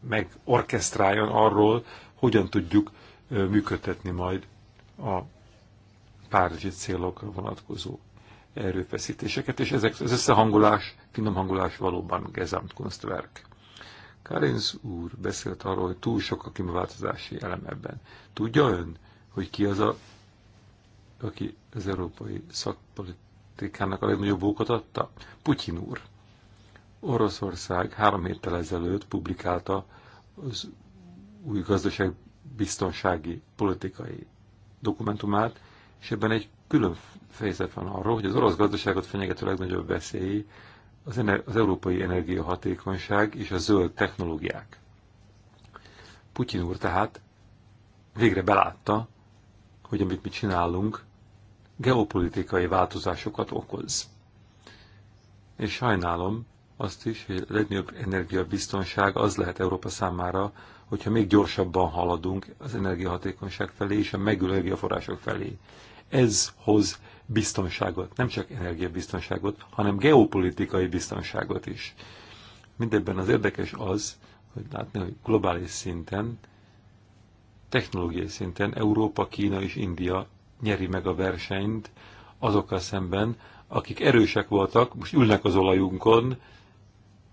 meg orkesztráljon arról, hogyan tudjuk működtetni majd a párizsi célokra vonatkozó erőfeszítéseket, és ezek, az összehangolás, finom hangolás valóban Gesamtkunstwerk. Karinz úr beszélt arról, hogy túl sok a kimváltozási elem ebben. Tudja ön, hogy ki az a, aki az európai szakpolitikai politikának a legnagyobb okot adta? Putyin úr. Oroszország három héttel ezelőtt publikálta az új gazdaság biztonsági politikai dokumentumát, és ebben egy külön fejezet van arról, hogy az orosz gazdaságot fenyegető legnagyobb veszély az, ener- az európai energiahatékonyság és a zöld technológiák. Putyin úr tehát végre belátta, hogy amit mi csinálunk, geopolitikai változásokat okoz. És sajnálom azt is, hogy a legnagyobb energiabiztonság az lehet Európa számára, hogyha még gyorsabban haladunk az energiahatékonyság felé és a megülő energiaforrások felé. Ez hoz biztonságot, nem csak energiabiztonságot, hanem geopolitikai biztonságot is. Mindebben az érdekes az, hogy látni, hogy globális szinten, technológiai szinten Európa, Kína és India nyeri meg a versenyt azokkal szemben, akik erősek voltak, most ülnek az olajunkon,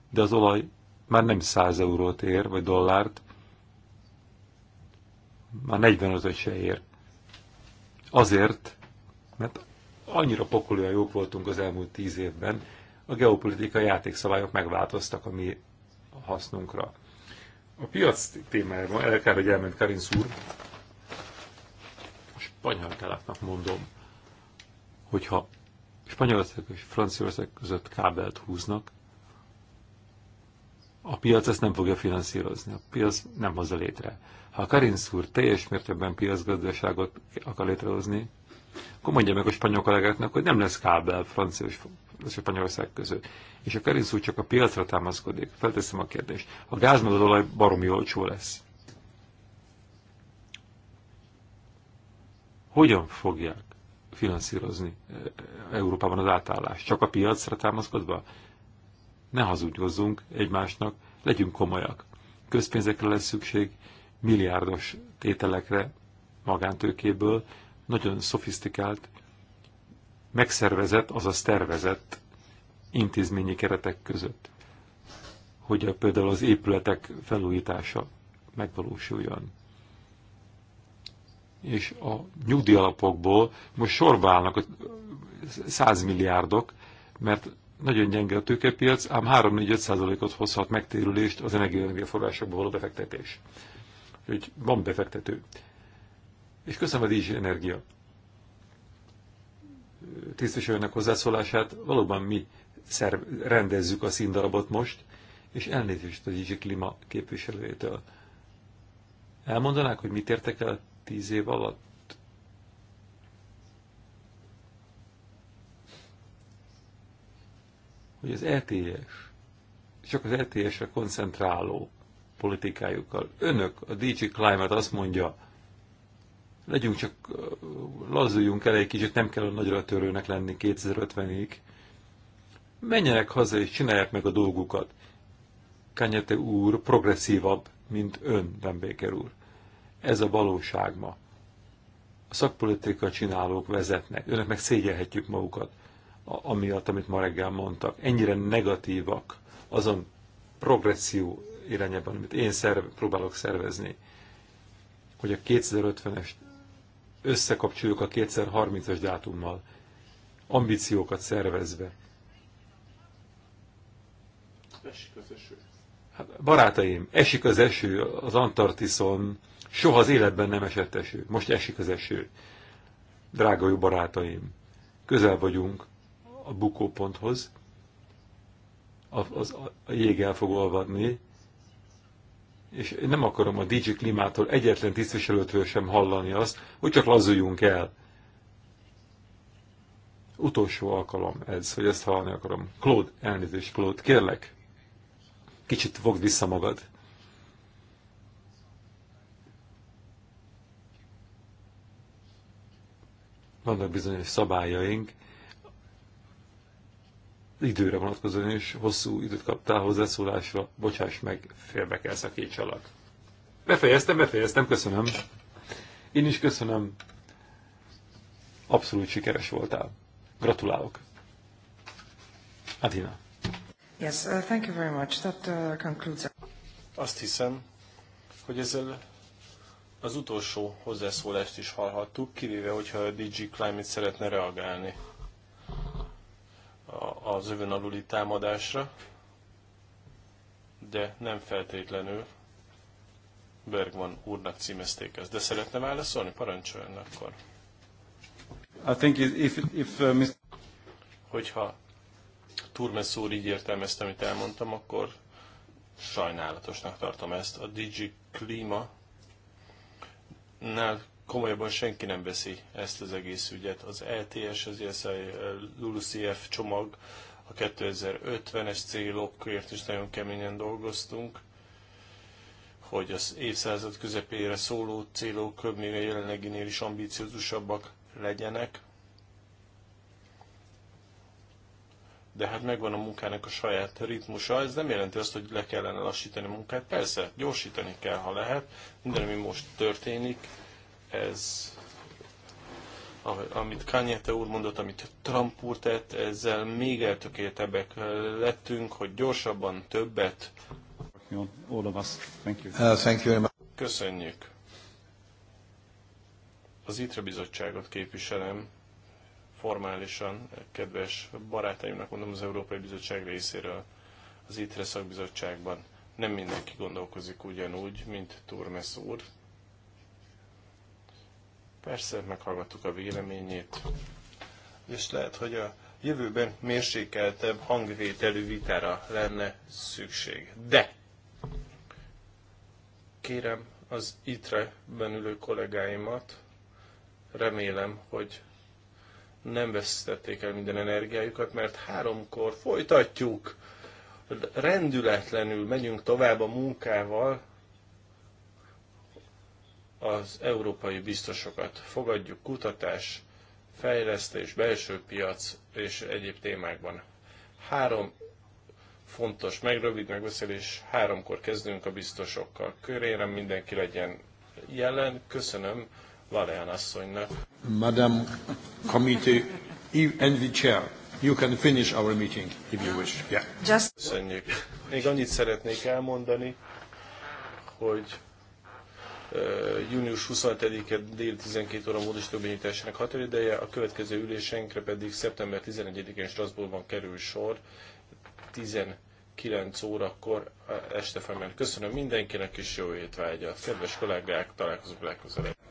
de az olaj már nem 100 eurót ér, vagy dollárt, már 45-öt se ér. Azért, mert annyira pokolóan jók voltunk az elmúlt tíz évben, a geopolitikai játékszabályok megváltoztak a mi hasznunkra. A piac témájában el kell, hogy elment Karin szúr, spanyolkálatnak mondom, hogyha Spanyolország és Franciaország között kábelt húznak, a piac ezt nem fogja finanszírozni, a piac nem hozza létre. Ha a Karinsz úr teljes mértékben piacgazdaságot akar létrehozni, akkor mondja meg a spanyol kollégáknak, hogy nem lesz kábel francia és Spanyolország között. És a Karinsz úr csak a piacra támaszkodik. Felteszem a kérdést. A gáz- meg az olaj baromi olcsó lesz. hogyan fogják finanszírozni eh, Európában az átállást? Csak a piacra támaszkodva? Ne hazudjozzunk egymásnak, legyünk komolyak. Közpénzekre lesz szükség, milliárdos tételekre magántőkéből, nagyon szofisztikált, megszervezett, azaz tervezett intézményi keretek között, hogy a, például az épületek felújítása megvalósuljon és a nyugdíjalapokból most sorba állnak százmilliárdok, mert nagyon gyenge a tőkepiac, ám 3-4-5 százalékot hozhat megtérülést az energiaforrásokba való befektetés. Úgyhogy van befektető. És köszönöm a DG Energia tisztviselőnek hozzászólását. Valóban mi szerv, rendezzük a színdarabot most, és elnézést a DG Klima képviselőjétől. Elmondanák, hogy mit értek el tíz év alatt. Hogy az ETS, csak az ETS-re koncentráló politikájukkal. Önök, a DG Climate azt mondja, legyünk csak, lazuljunk el egy kicsit, nem kell a nagyra törőnek lenni 2050-ig. Menjenek haza és csinálják meg a dolgukat. Kanyete úr progresszívabb, mint ön, Rembéker úr. Ez a valóság ma. A szakpolitika csinálók vezetnek, önök meg szégyelhetjük magukat, amiatt, amit ma reggel mondtak. Ennyire negatívak azon progresszió irányában, amit én szerve, próbálok szervezni, hogy a 2050-es összekapcsoljuk a 2030-as dátummal, ambíciókat szervezve. Esik az eső. Hát, barátaim, esik az eső az Antartiszon, Soha az életben nem esett eső. Most esik az eső. Drága jó barátaim, közel vagyunk a bukóponthoz. A, az, a jég el fog olvadni, és nem akarom a DJ Klimától egyetlen tisztviselőtől sem hallani azt, hogy csak lazuljunk el. Utolsó alkalom ez, hogy ezt hallani akarom. Claude, elnézést, Claude, kérlek, kicsit fogd vissza magad. vannak bizonyos szabályaink, időre vonatkozóan is hosszú időt kaptál hozzászólásra, bocsáss meg, félbe kell szakítsalak. Befejeztem, befejeztem, köszönöm. Én is köszönöm. Abszolút sikeres voltál. Gratulálok. Adina. Yes, uh, thank you very much. That uh, concludes. Azt hiszem, hogy ezzel az utolsó hozzászólást is hallhattuk, kivéve, hogyha a DG Climate szeretne reagálni az övön aluli támadásra, de nem feltétlenül Bergman úrnak címezték ezt. De szeretne válaszolni? Parancsoljon akkor. I think if, if, uh, Mr. Hogyha Turmes úr így értelmezte, amit elmondtam, akkor sajnálatosnak tartom ezt. A DG Klíma nál komolyabban senki nem veszi ezt az egész ügyet. Az ETS, az ESI LULUCF csomag, a 2050-es célokért is nagyon keményen dolgoztunk, hogy az évszázad közepére szóló célok még a jelenleginél is ambíciózusabbak legyenek. de hát megvan a munkának a saját ritmusa, ez nem jelenti azt, hogy le kellene lassítani a munkát. Persze, gyorsítani kell, ha lehet. Minden, ami most történik, ez amit Kanyete úr mondott, amit Trump úr tett, ezzel még eltökéltebbek lettünk, hogy gyorsabban többet. All of us. Thank you. Uh, thank you very much. Köszönjük. Az ITRA bizottságot képviselem formálisan, kedves barátaimnak mondom az Európai Bizottság részéről, az ITRE szakbizottságban nem mindenki gondolkozik ugyanúgy, mint Turmes úr. Persze, meghallgattuk a véleményét, és lehet, hogy a jövőben mérsékeltebb hangvételű vitára lenne szükség. De kérem az ITRE-ben ülő kollégáimat, remélem, hogy nem vesztették el minden energiájukat, mert háromkor folytatjuk, rendületlenül megyünk tovább a munkával, az európai biztosokat fogadjuk kutatás, fejlesztés, belső piac és egyéb témákban. Három fontos, meg rövid megbeszélés, háromkor kezdünk a biztosokkal. Körére mindenki legyen jelen. Köszönöm Valéan asszonynak. Madam Committee and the Chair, you can finish our meeting if you wish. Yeah. Just... Köszönjük. Még annyit szeretnék elmondani, hogy uh, június 25-e dél 12 óra módosító benyújtásának határideje, a következő ülésenkre pedig szeptember 11-én Strasbourgban kerül sor 19 órakor este felmen. Köszönöm mindenkinek, és jó étvágyat! Kedves kollégák, találkozunk legközelebb!